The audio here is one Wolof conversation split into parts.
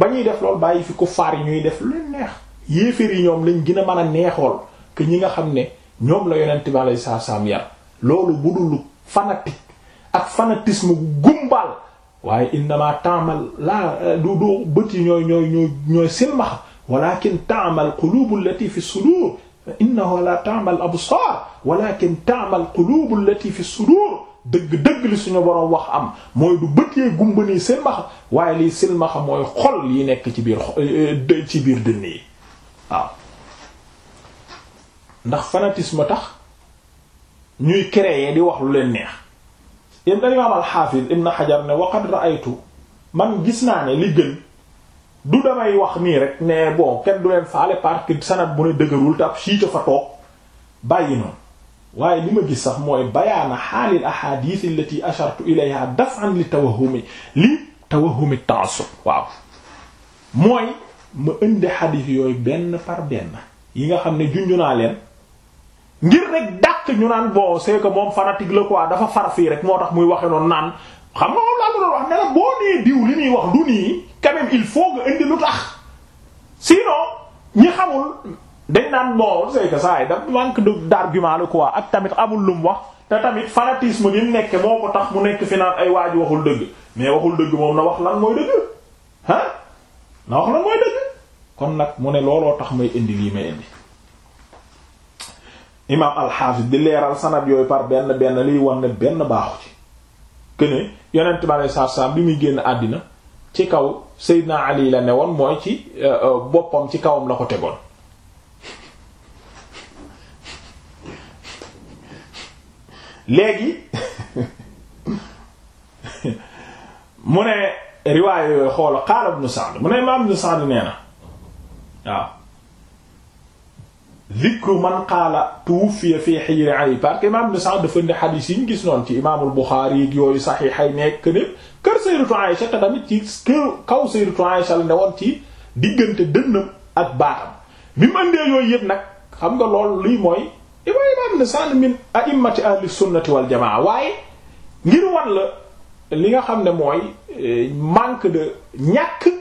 ba ñuy def lool bàyyi fi kuffaar yi ñuy def lu leen neex yéeféer yi ñoom lañ gën a mën a neexool que ñi nga xam ne ñoom la yonent bi alayhi yar loolu bu dul fanatique ak fanatism gu gumbaal waaye innama taamal laa du du bët yi ñooy ñooy ñooy ñooy silmax walakin taamal qulubu allati fi sudur innahu la fi sudur dëgg-dëgg li suñu borom wax am mooy du bët yee gumba nii silmaxa waaye liy silmaxa mooy xol yi nekk ci biir euh, euh, ci biir dënn yi waaw ndax fanatisme tax ñuy créer di wax lu leen neex ibn imaam al-Hafiz na Hajar ne waqad ra'aytu man gis naa ne li gën du damay wax nii rek ne bon kenn du leen faale parce que bu ne dëgërul te ab siita fa toog bàyyi noonu waaye li ma gis sax mooy bayaana xaalil ahadith allati ashartu ilayha daf'an li tawahumi li tawahumi ta'assub waaw mooy ma indi xadiis yooyu benn par benn yi nga xam ne junju naa leen ngir rek dàq ñu naan bon c'est que moom fanatique la quoi dafa far fii rek moo tax muy waxe noonu naan xam nga moom laa doon wax ne la boo nee diw li muy wax du nii quand il faut nga indi lu tax sinon ñi xamul dañ naan moo c'est que ça da manque d'argument la quoi ak tamit amul lu wax te tamit fanatisme gi mu nekk moo ko tax mu nekk fi naan ay waaju waxul dëgg mais waxul dëgg moom na wax lan mooy dëgg ah na wax lan mooy dëgg kon nag mu ne looloo tax may indi lii may indi imaam alxaafis di leeral sanad yooyu par benn benn liy wan ne benn baaxu ci kuene yonent bi alei satu bi muy génn àddina ci kaw Seydina Ali la ne woon mooy ci euh, euh, boppam ci kawam la ko léegi mu ne riwaaya yooyu xoola qaala ibnu Sa'd mu ne imaam ibnu Sa'd nee na waaw zikru man qaala tuwuffiya fii hijri Ali parce que imaam ibnu Sa'd dafa indi xadiis yi ñu gis noonu ci imaamul Buxaari yi yooyu saxiixay nekk ne kër Sayyidatu Aysa te tamit ci kër kaw Sayyidatu Aysa la ne woon ci diggante dënnam ak baatam bi mu indee yooyu yëpp nag xam nga lool lii mooy benn sànn min a'immati ahli sunnati wal jamaa waaye ngir wan la li nga xam ne mooy e, manque de ñàkk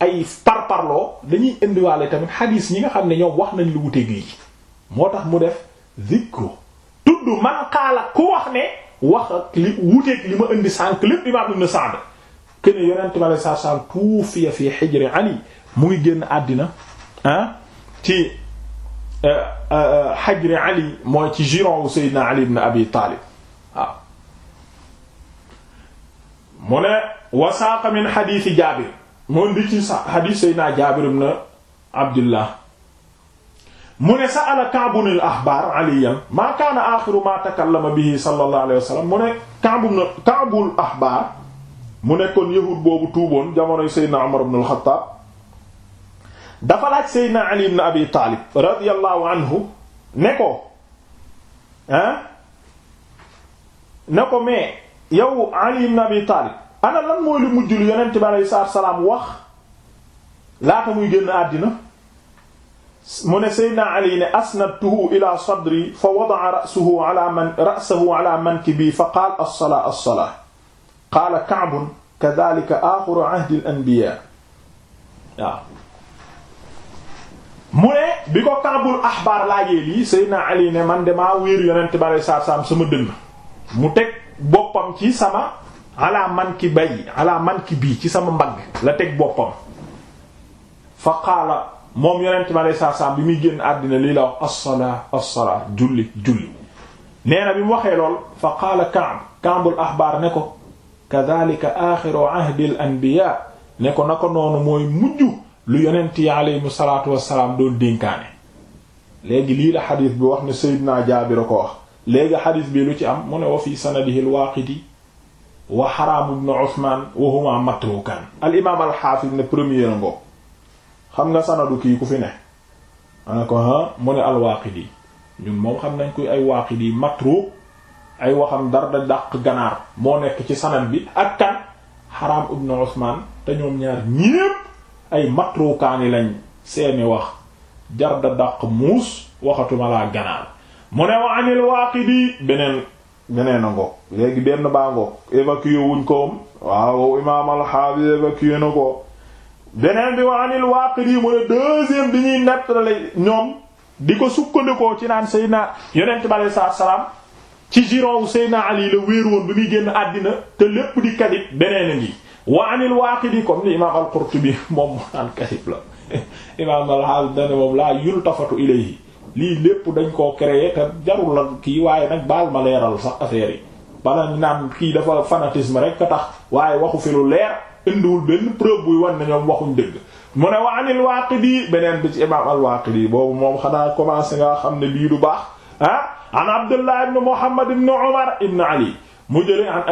ay parparloo dañuy indiwaale tamit xadiis ñi nga xam ne ñoom wax nañ lu wuteeg lii moo tax mu def zikru tudd man xaala ku wax ne wax ak li wuteeg li ma indi sànq lépp imaam ibn Sa'd kene yonente bi aleye satu salaam tuufiya fi xijri ali mu ngi génn àddina ah ci xajri euh, euh, euh, ali mooy ci giron wu seydina ali ibn abi taalib waaw mu ne wasaaqa min xadiisi jaabir moom di ci xadiis seydina jaabir ibn abdullah mu ne sa'ala Ka'bun al-ahbaar Aliyan maa kaana aaxiru maa takallama bihi sallallahu alayhi wa sallam mu ne Ka'bun Ka'bul ahbaar mu nekkoon yahuud boobu tuuboon jamonoy Seydina Umar ibn al-Khattab dafa laaj Seydina Ali ibn Abi Taalib radiyallahu anhu ne ko ah ne ko mais yow Ali ibn Abi Taalib ana lan mooy lu mujj lu yonent bi aleyhi salaatu salaam wax laata muy génn àddina mu ne Seydina Ali ne asnadtuhu ila sadri fa wada'a ra'sahu ala man ra'sahu ala mankibi fa qaala as-salaa as-salaa qaala Ka'b kadhaalika aaxiru ahdi al-anbiyaa waaw mu ne bi ko kaabul axbaar laajee lii Seydina Ali ne man damaa wéer yonent bare saar-saam sama dënn mu teg boppam ci sama ala man ki bay ala ki bii ci sama mbagg la teg boppam fa qaala moom yonent bare saar-saam bi muy génn àddina lii la wax assalaa assalaa julli julli nee na bi mu waxee lool fa qaala Kaab kaabul axbaar ne ko kadhalika axiru ahdi al anbiya ne ko na ko noonu mooy mujj lu yonent yi aleyhimu salaatu wassalaam doon dénkaane léegi lii la xadis bi wax ne Seydina Jaabir a ko wax léegi xadis bii lu ci am mu ne wa fi sanadihi al-Waaqidi wa Haraam ibn Usmaan wa huma matrukaan al imaam al-Haafiz ne premier ngo xam nga sanadu kii ku fi ne ana ko ha mu ne al-Waaqidi moom xam nañ koy ay Waaqidi matruk ay waxam dara da dàq ganaar moo nekk ci sanad bi ak kan Haraam ibn Usmaan te ñoom ñaar ñépp ay matrukaani lañ seeni wax jar daq dàq muus waxatuma laa ganaar mu ne wa anil waaqidi beneen beneen a ngoog léegi benn baa ngoog évacué wuñ koom waaw imaam al-Hafiz na ko beneen bi wa anil waaqidi mu ne deuxième bi ñuy nettale ñoom di ko sukkandikoo ci naan Seydina yonent bi alei salaatu salaam ci giron wu Seydina Ali la wéeru woon bi muy génn àddina te lépp di kadib beneen a wa anil waaqidi comme ni imaam al-Qurtubi moom moo naan kasib la imaam al-Hafiz dane moom laa yultafatu ilayhi lii lépp dañ koo créer te jarul la kii waaye nag baal ma leeral sax affaire yi banañ naan kii dafa fanatisme rek ka tax waaye waxu fi lu leer indiwul benn preuve buy wan ñoom waxuñ dëgg mu ne wa anil waaqidi beneen bi ci imaam al-Waaqidi boobu moom xanaa commencé nga xam ne bii du baax ah an Abdullah ibn Muhammad ibn Ali mu jële an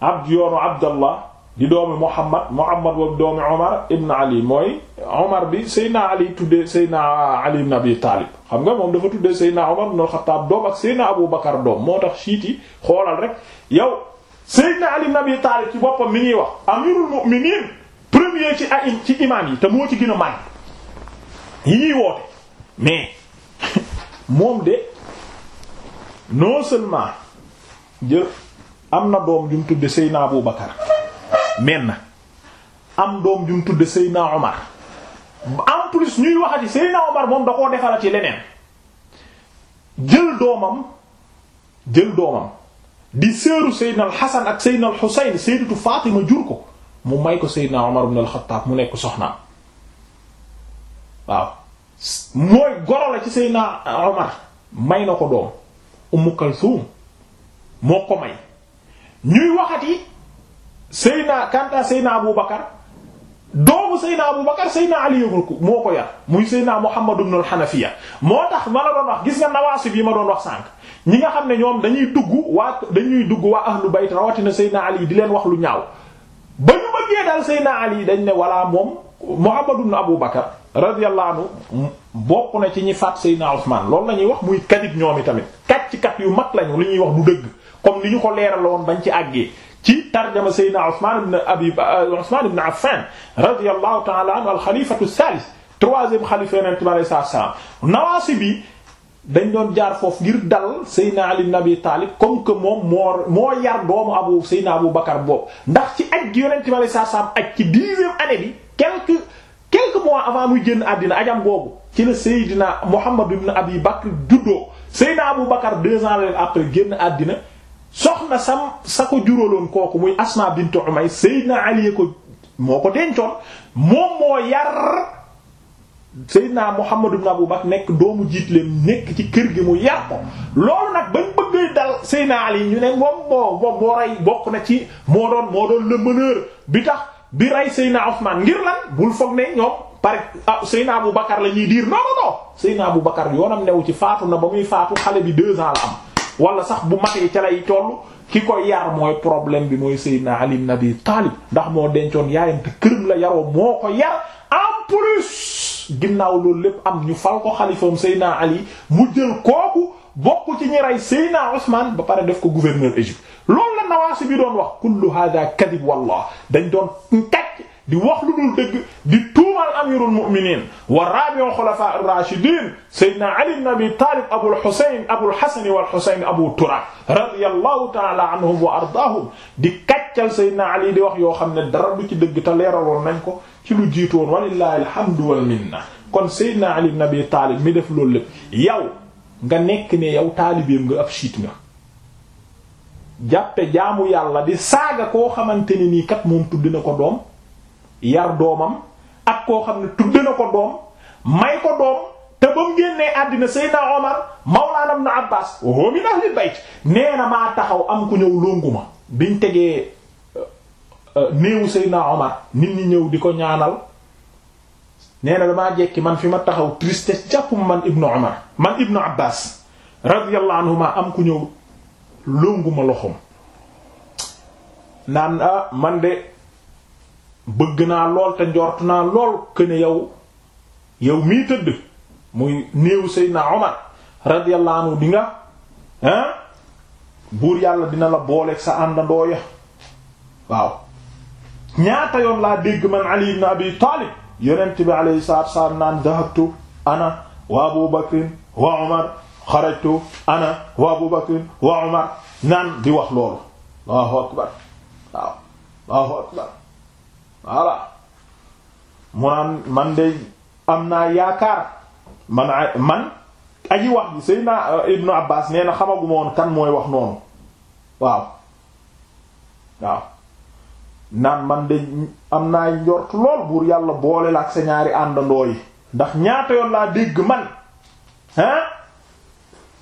abd yoonu abdallah di doomi muhammad muhammad boobu doomi omar ibn ali mooy omar bi seydna ali tuddee seydna ali ibn abi taalib xam nga moom dafa tuddee seydna omar ibn abu bakar doom moo tax siit yi xoolal rek yow seydna ali ibn abi taalib ci boppam mi ñuy wax amirul mu'minin premier ci ay ci yi te moo ci gën a màgg yi ñuy woote mais moom de non seulement jëf am na doom ju tudd tudde Seydina Abu Bakar na am doom ju mu tudde Seydina Omar en plus ñuy waxati Seydina Omar moom da koo defala ci leneen jël doomam jël doomam di seeru Seydina al ak Seydina al Husayn Sayyidatu Fatima jur ko mu may ko Seydina Omar mu nekk soxnaam waaw mooy ci Seydina may na ko doom Ummu Kalthum moo ko may ñuy yi Seyna Kanta Seyna Abu Bakar doomu Seyna Abu Bakar Seyna Ali moo ko yar muy Seyna Muhammad ibn al-Hanafiya moo tax ma la doon wax gis nga nawaasib yi ma doon wax sànq ñi nga xam ne ñoom dañuy dugg waa dañuy dugg waa ahlu bayt rawatina Seyna Ali di leen wax lu ñaaw ba ñu bëggee daal Seyna Ali dañ ne walla moom Muhammad ibn Abu Bakar radiyallahu anhu bokk na ci ñi faat Seyna Usman loolu la ñuy wax muy kadib ñoom i tamit kàcc kat yu mag lañu li ñuy wax du dëgg. comme li ñu ko leeraloon bañ ci àggee ci tarjama sayyidina Usman ibn Abi euh, Usman ibn Affan radiyallahu ta'ala anhu al-khalifatu troisième xalifa yonent bi alayhi salaam bi dañ doon jaar foofu ngir dal Seydina Ali ibn Abi comme que moom moo moo yar doomu abu Seydina Abu Bakar boobu ndax ci aj gi yonent bi alayhi salaam aj ci dixième bi quelques quelques mois avant muy génn àddina ajam boobu ci la Seydina Muhammad ibn Abi Bakr juddoo Seydina Abu Bakar deux ans après génn àddina soxna sam sa ko juróoloon kooku muy Asma bint Umays Seydina Ali ko moo ko dencoon moom moo yar Seydina Muhammad ibn Abu Bakr nekk doomu jiitleem nekk ci kër gi mu yar ko loolu nag bañ bëggee dal Seydina Ali ñu ne moom moo moom rey bokk na ci moo doon moo doon le meneur bi tax bi rey Seydina Ousmane ngir lan ne ñoom par ah Seydina Abu Bakar la ñuy diir non non non Seydina Abu Bakar yoonam newu ci faatu na ba muy faatu xale bi deux ans am wala sax bu matee ca lay toll ki ko yar mooy problème bi mooy Seydina Ali ibn Abi Talib ndax moo dencoon yaayam te këram la yaroo moo ko yar en plus ginnaaw loolu lépp am ñu fal ko xalifaam Seydina Ali mu jël kooku bokk ti ñi rey Seydina Ousmane ba pare def ko guverneur Égypte loolu la Nawaasi bi doon wax kullu hada kadib wallah dañ doon tàcc di wax lu dul dëgg di tuumal amirul mu'minin wa rabi'u khulafa ar-rashidin sayyidina ali ibn abi talib abul husayn abul hasan wal abu turab radiyallahu ta'ala anhum wa ardaahum di kàccal sayyidina ali di wax yoo xam ne dara du ci dëgg te leeraloon nañ ko ci lu jiitoon walillahi alhamdu wal minna kon sayyidina ali ibn abi mi def lool lépp yow nga nekk ne yow taalibeem nga ab siit nga jàppe jaamu yàlla di saaga koo xamante ne nii kat moom ko doom yar doomam ak koo xam ne tudde na ko doom may ko doom te ba mu génnee àddina Seydina Omar Mawlana Ibn Abbas wa min ahli bayt nee na maa taxaw am ku ñëw longu ma biñ tegee euh, euh, néewu Seydina Omar nit ñi ñëw di ko ñaanal nee na damaa jekki man fi ma taxaw tristesse jàppuma man Ibn Omar man Ibn Abbas radiyallahu anhuma am ku ñëw longu ma loxoom naan ah man de. bëgg naa lool te njort naa lool këne yow yow mii tëdd muy néew Seydina Omar radiyallahu anhu di nga buur yàlla dina la booleeg sa àndandoo ya waaw ñaata yoon laa dégg man Ali ibn Abi Talib yonent bi alayhi salaatu wasalaam naan dahabtu ana wa Abu Bakr wa Omar xarajtu ana wa Abu Bakr wa Omar naan di wax loolu Allahu akbar waaw Allahu akbar voilà mu naan man de am naa yaakaar man man aji wax ji Seydina euh, Ibnu Abbas nee xamaguma woon kan mooy wax noonu waaw waaw naan man de am naa njort lool buur yàlla boole ak sa ñaari àndandoo yi ndax ñaata yoon laa dégg man hein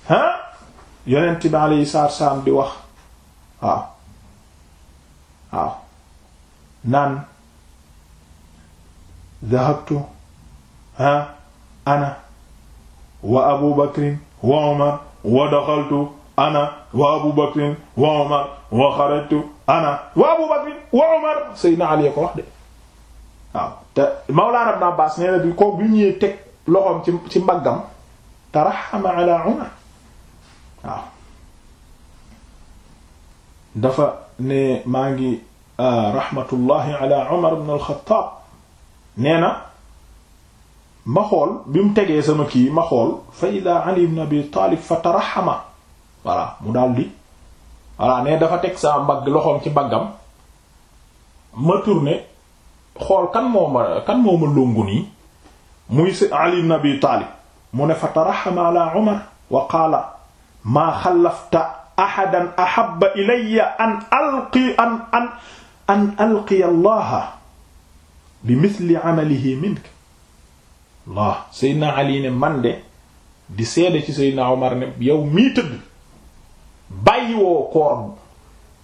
hein yonent yi alayhi salaam di wax waaw waaw naan dahabtu ha ana wa abu bakrin wa umar wa daxaltu ana wa abu bakrin wa umar wa xarajtu ana wa abu bakrin wa umar seydna ali ko wax de waaw te mawlaana ibn abbas nee na bi ko bi ñëwee teg loxoom ci ci mbaggam taraxama ala umar waaw dafa ne maa ngi ah, raxmatullahi ala umar ibn al-xattaab nee na ma xool bi mu tegee sama kii ma xool fa ida ali abi taalib fa taraxama voilà mu daal di voilà ne dafa teg sa mbagg loxoom ci mbaggam ma tourné xool kan moo ma kan moo ma lungu nii muy si ali abi taalib mu ne fa taraxama ala umar wa qaala maa xallafta ahadan ahabba ilayya an alqi an an an alqiya bi misli amalihi mink Allah Seydina Ali ne man de di seede ci Seydina Omar ne yow mii tëdd bàyyiwoo koor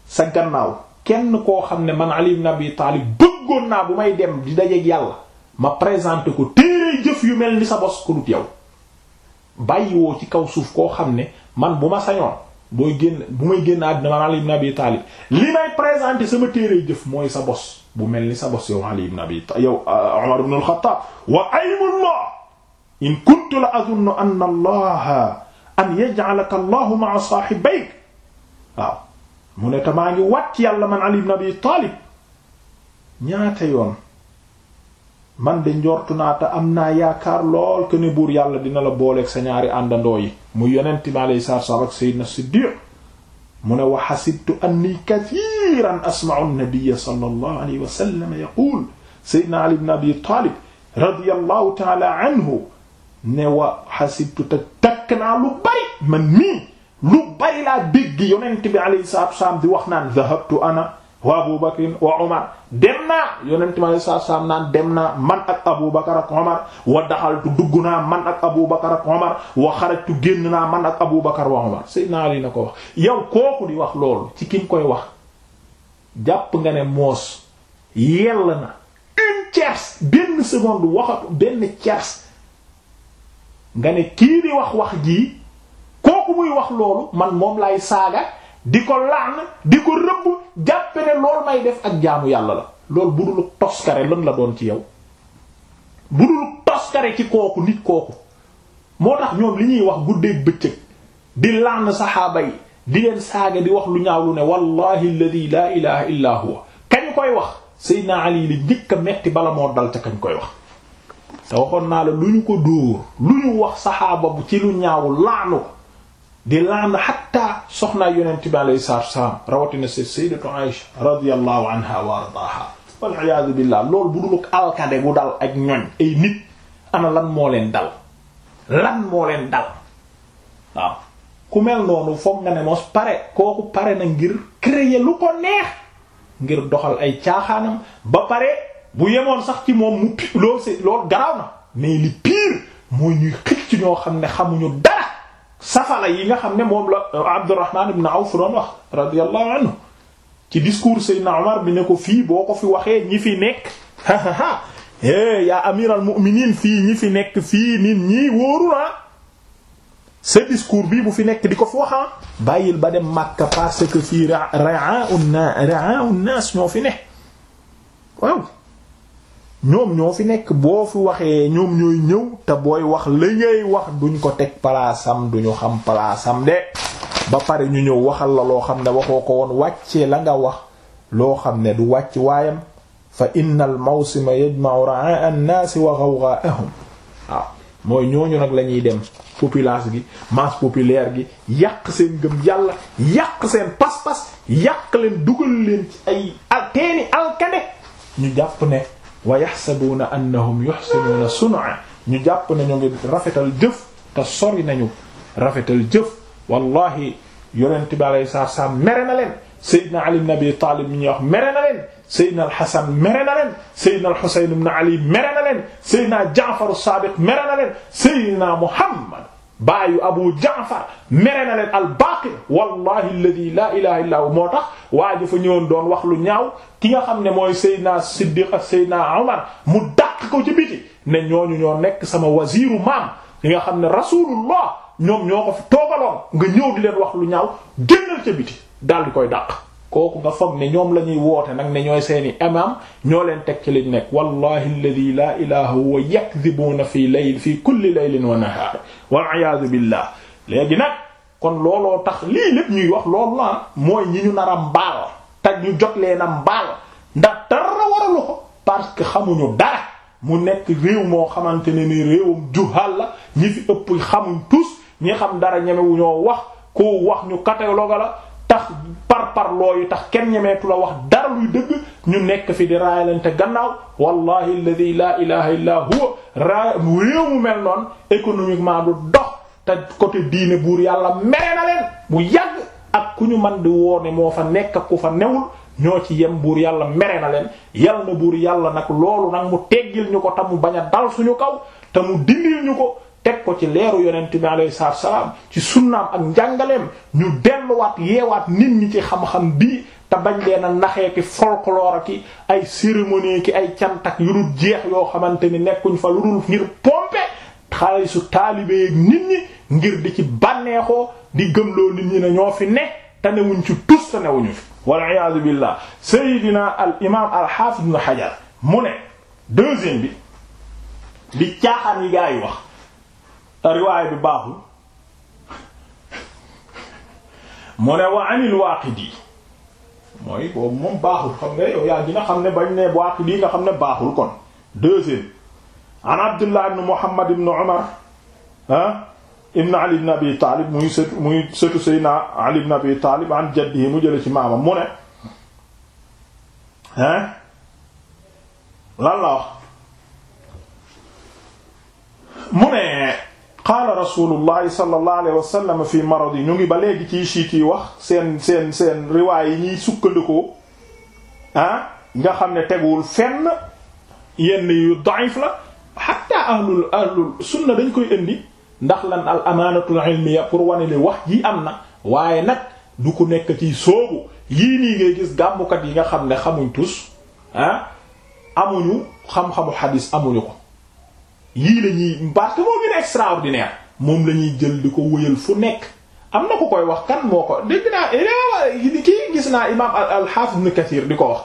sa gannaaw kenn koo xam ne man Ali ibn Abi Taalib bëggoon naa bu may dem di dajeek yàlla ma présenté ko téere jëf yu mel ni sa bos ko dut yow bàyyiwoo ci kaw suuf koo xam ne man bu ma sañoon booy génn bu may génn àddina man Ali ibn Abi li may présenté sama téere jëf mooy sa bos bu mel ni sa bos yow Ali ibn Abi yow Umar euh, ibn al in kuntu la azunnu anna allaha an yaj'alaka allahu ma'a saahibayk waaw mu ne te maa ngi wàcc yàlla man Ali ibn Abi Talib ñaata yoon man de njortu naa te am naa yaakaar lool que ne buur yàlla dina la booleeg sa ñaari àndandoo yi muy yonent mi alayhi salaatu wa salaam ak Siddiq mu ne wa xasibtu anni kathiran asma'u an-nabiyya sallallahu alayhi wa sallam yaqul sayyidina ali ibn abi talib radiyallahu ta'ala anhu ne wa xasibtu te takk naa lu bari man mii lu bari laa dégg yonent bi alayhi salaatu wa salaam di wax naan dhahabtu ana wa abu bakrin wa omar dem naa yonent ma saa saam naan dem naa man ak abu bakar ak omar wa daxaltu dugg naa man ak abu bakar ak omar wa xarajtu génn naa man ak abu bakar wa omar sayyidina ali na ko wax yow kooku di wax loolu ci ki nga koy wax jàpp nga ne moos yell na une tierce benn seconde waxatu benn tierce nga ne kii di wax wax jii kooku muy wax loolu man moom lay saaga di ko laan di ko rëbb jàppe ne loolu may def ak jaamu yàlla la loolu bu dul toskare lan la doon ci yow bu dul toskare ci kooku nit kooku moo tax ñoom li ñuy wax guddeeg bëccëg di lànn saxaaba di saaga di wax lu ñaaw lu ne wallahi alladi laa ilaha illa huwa kañ koy wax Seydina Ali li njëkk metti bala moo dal ca kañ koy wax te waxoon naa la lu ñu ko dóor lu ñu wax saxaaba bu ci lu ñaaw laanu di laan xatta soxnaa yonent bi alayhi salaatu wassalaam rawatina s sayyidatu Aïsha radiyallahu anha wa ardaaha dal ak ñoñ ay nit ana lan moo leen dal lan moo leen dal waaw ku mel noonu foog nga ne mos pare kooku pare na ngir créer lu ko neex ngir doxal ay caaxaanam ba pare bu yemoon sax ci moom mu pi loolu c'est loolu garaaw na mais li pire mooy ñuy xëcc ñoo xam ne xamuñu dara safala yi nga xam ne moom la Abdurrahman ibn Awf doon wax radiyallahu anhu ci discours Seydina Omar bi ne ko fii boo ko fi waxee ñi fi nekk ha yaa amiral mu'minin fii ñi fi nekk fii nit ñi wóoru naa sa discours bii bu fi nekk di ko fi waxaa bàyyil ba dem Makka parce que fii ra'a un nas ra'a un nas ñoo fi ne waaw ñoom ñoo fi nekk boo fi waxee ñoom ñooy ñëw te booy wax la wax duñ ko teg palaasam duñu xam palaasam de ba pare ñu ñëw waxal la loo xam ne waxoo ko woon wàccee la nga wax loo xam ne du wàcc waayam fa innal mawsima yajma'u ra'a an-nas wa ghawgha'ahum waaw ah, mooy ñooñu nag la ñuy dem populace gi masse populaire gi yàq seen gëm yàlla yàq seen pas-pas yàq leen dugal leen ci ay alkane ñu jàpp ne wa yaxsabuuna annahum yuxsinuuna sun'a ñu jàpp ne ñu ngi rafetal jëf te sori nañu rafetal jëf wallahi yonent bi alayhi salaam mere na leen Seydina Ali ibn Abi Taalib mi ñuy wax mere na leen Seydina Al-Hasan mere na leen Seydina Al-Husayn ibn Ali mere na leen Seydina Jaafar as-Sadiq mere na leen Seydina Muhammad baayu abu jaafar mere na leen al-Baqir wallahi alladhi la ilaha illa hu moo tax waa ji fa ñëwoon doon wax lu ñaaw ki nga xam ne mooy Seydina Siddiq ak Seydina Omar mu dàq ko ci biti ne ñooñu ñoo nekk sama wasiiru maam ki nga xam ne rasulullah ñoom ñoo ko fi toogaloon nga ñëw di leen wax lu ñaaw génnal ca biti daal di koy dàq kooku nga foog ne ñoom la ñuy woote nag ne ñooy seeni imam ñoo leen teg ci liñ nekk wallahi alladhi la ilaha huwa yakdhibuna fi layl fi kulli laylin wa nahar wal iyadu billah léegi nag kon looloo tax ñuy wax loolu la mooy ñi ñu nar a mbaal te ñu jot leen a mbaal ndax dara waralu ko parce que xamuñu dara mu nekk réew moo xamante ne ni réewum juhal la ñi fi ëpp xamuñ tous ñi xam dara ñeme ñoo wax ku wax ñu catalogue la tax par par yi tax kenn ñemeetu la wax dara luy dëgg ñu nekk fi di raayalante gannaaw wallahi alladhi la ilaha illa huwa raa réew mu mel noonu économiquement du dox te côté diine buur yàlla mere na leen bu yàgg ak ku ñu man di woone moo fa nekk ak ku fa newul ñoo ci yem buur yàlla mere na leen yal na buur yàlla nag loolu nag mu teggil ñu ko te mu bañ a dal suñu kaw te mu dindil ñu ko teg ko ci leeru yonent bi alayhi salaatu ci sunnaam ak njàngaleem ñu delluwaat yeewaat nit ñi ci xam-xam bii te bañ leen a naxee ki folklore ki ay cérémonie ki ay cantak yu dul jeex yoo xamante ni nekkuñ fa lu dul ngir pompe xaalisu taalibe yeeg nit ñi ngir di ci bànneexoo di gëmloo nit ñi ne ñoo fi ne te newuñ ci tus te newuñu fi wal iyaadu billah sayyidina al imaam al haafid ibn mu ne deuxième bi di caaxaan yi gaa yi wax riwaay bi baaxul mu ne wa anil Waaqidi mooy boobu moom baaxul xam nga yow yaa dina xam ne bañ ne Waaqidi nga xam ne baaxul kon deuxième an Abdullah ibn Muhammad ibn Umar ah ibn Ali ibn Abi Taalib muy sëtu muy sëtu Seydina Ali ibn Abi Taalib an jaddihi mu jële ci maamam mu ne hein lan la wax mu ne qaala rasulullahi sallallahu alayhi wa sallam fi maradi ñu ngi ba léegi ci siit yi wax seen seen seen riwaay yi ñuy sukkandikoo ah, nga xam ne teguwul fenn yenn yu da'if la hatta ahlul ahlul sunna dañ koy indi ndax lan al amaanatul ilmiya pour wane li wax ji am na waaye nag du ko nekk ci soobu yii nii ngay gis gàmmukat yi nga xam ne xamuñ tus ah amuñu xam-xamu xadis amuñu ko lii la ñuy parce que moo gën a extraordinaire moom la ñuy jël di ko wëyal fu nekk am na ko koy wax kan moo ko dégg naa eh, kii gis naa imaam al-Hafiz Ibn Kathir di ko wax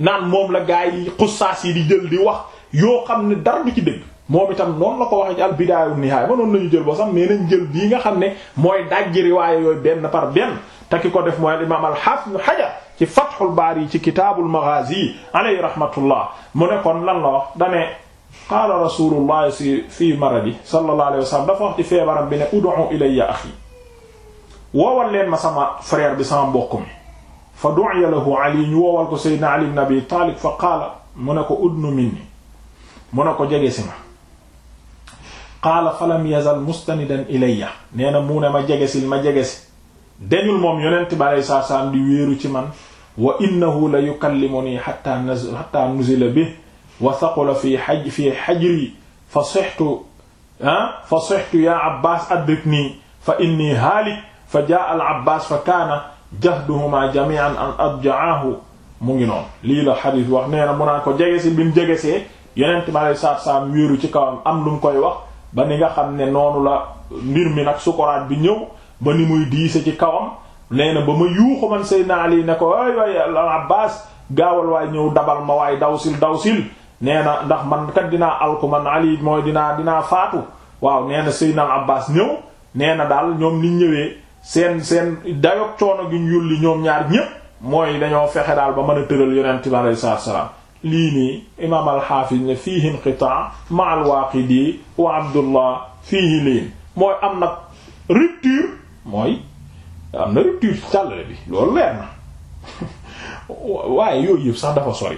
naan moom la gaa yi xusaas yi di jël di wax yoo xam ne dara du ci dëgg moom itam noonu la ko waxee ci al-Bidaaya wa Nihaaya ba noonu jël ba sax mais nañ jël bii nga xam ne mooy dajji riwaaya yooyu benn par benn te ki ko def mooy al-imaam al-Hafiz Ibn Hajar ci Fathul Baari ci kitaabul Maghaazi alayhi rahmatullah mu ne kon lan la wax da qaala rasulullahi si fii maradi sallallahu alayhi wa sallam dafa wax ci bi ne ud'u ilayya axi woowal leen ma sama frère bi sama mbokk mi fa du'iya lahu ali ñu woowal ko seydina ali ibn abi taalib fa qaala mu ne ko udnu minni mu ne ko jege si ma qaala fa lam yazal mustanidan ilayya nee na mu ne ma jegesil ma jegesi dañul moom yonent bi alei saatu di wéeru ci man wa innahu la yukallimunii hatta nuzila bihi wa saqula fi haj fi hajri fa sixtu ah fa sixtu ya fa inni haalik fa jaa al kaana jahduhuma jami'an an adja'ahu mu ngi noonu lii la xadis wax nee na mu ko jege si bi jege see yeneen ma lay saat saam ci kawam am lu mu koy wax ba ni nga xam ne noonu mbir mi nag sukuraat bi ñëw ba ni muy diise ci kawam nee na ba ma yuuxu man Seydina Ali ne ko ay waay al Abbas gaawal waay ñëw dabal ma waay dawsil dawsil nee na ndax man kat dinaa alku man ali mooy dinaa dinaa faatu waaw nee na seydina al ñëw nee na daal ñoom niñ ñëwee seen seen dayok coono gi ñu yulli ñoom ñaar ñépp mooy dañoo fexe daal ba mën a tëral yonent bi alayhi salaatu wa salaam lii nii imaam alxaafis ne fiihi inqitaa ma alwaaqidi wa abdullah fiihi liin mooy am nag rupture mooy am na rupture càllale bi loolu leer na waaye yooyu yëpp sax dafa sori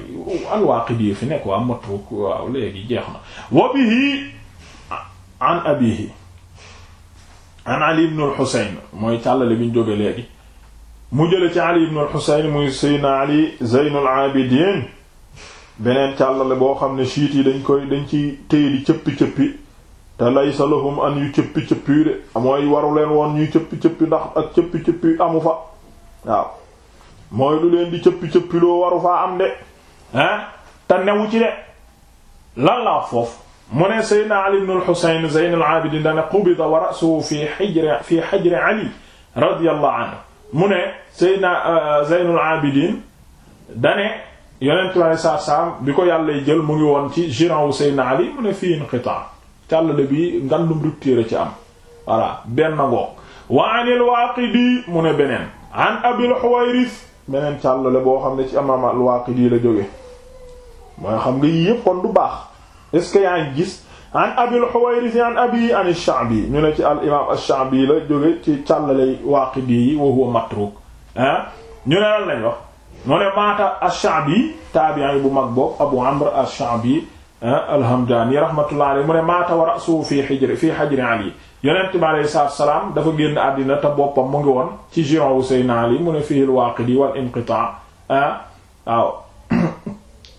al-Waaqidi fi nekk waa matruk waaw léegi jeex na wa bihi an abihi an Ali ibn al mooy càllale bi ñu jóge léegi mu jële ci Ali ibn al-Husayn muy Seydina Ali Zeynul Abidin beneen càllale boo xam ne siit yi dañ koy dañ ci téye di cëppi-cëppi te laysa lahum an yu cëppi-cëppi yu de mooy waru woon ñuy cëppi-cëppi ndax ak cëpp cëppi amu fa waaw mooy lu leen di cëppi cëppi loo waru faa am de ah te newu ci de lan la foofu mu ne Seydina Ali ibn al-Husayn Zayn al-Abidin dana qubida wa ra'suhu fi hijr fi hijr Ali radiyallahu anhu mu ne Seydina euh, Zayn al bi ko yàlla jël mu ngi woon ci giron wu Seydina Ali mu ne fii bi ngandum rupture beneen an Abil Huwayrith beneen càllale boo xam ne ci imaam al-Waaqidi la jóge mooy xam nga yii yëpp kon du baax est ce que yaa ngi gis an Abil Huwayrith an abi an ash ñu ne ci al imaam ash la jóge ci càllale Waaqidi yi wa huwa matruk ah ñu ne lan lañ wax mu ne maata ash-Sha'bi taabi'i bu mag boobu Abu Amr ash-Sha'bi alhamdani rahmatullahi mu ne maata wa ra'suhu fi hijr fi hijr Ali yonent bi aleyhi salaatu wa salaam dafa génn àddina te boppam mu ngi woon ci giron wu Seydina Ali mu ne fihil waaqidi wal inqitaa ah waaw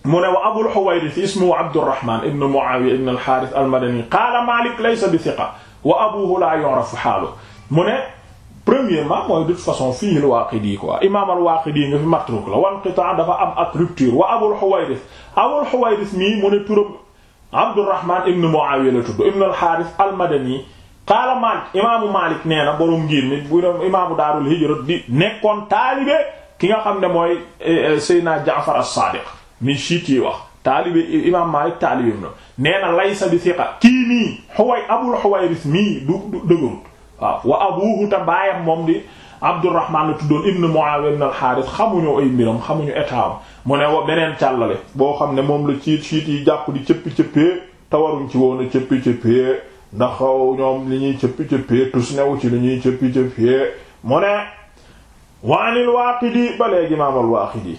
mu ne wa Abul Huwayrith ismuhu Abdurrahman ibn Muawiya ibn al-Harith al-Madani qaala Malik laysa bi thiqa wa abuhu la yu'rafu haaluhu mu ne premièrement mooy de toute façon fihil waaqidi quoi imaam al-Waaqidi nga fi matruk la wal inqitaa dafa am ak rupture wa Abul Huwayrith Abul Huwayrith mii mu ne turam Abdurrahman ibn Muawiya la tudd ibn al-Harith al-Madani xaala Maalik imaamu Maalik nee na borom ngir mi bu doon imaamu daarul hijra di nekkoon taalibe ki nga xam ne mooy eh, eh, Seydina Jaafar as-Saadiq mi siit yi wax taalibe imaam Maalik taalibeem na nee na laysa bi thiqa kii nii xuway Abul Huwayrith mii du du dëgërut waaw wa abuhu te baayam moom di Abdurrahman la tuddoon ibn Muawiya ibn al-Harith xamuñu ay mbiram mu ne wa beneen càllale boo xam ne moom la ciit siit yi jàpp di cëppi cëppee te waruñ ci woon a cëppi ndax xaw ñoom li ñuy cëppi cëppee tus new ci li ñuy cëppi cëppee mu ne waanil Waaqidi ba léegi imaam al Waaqidi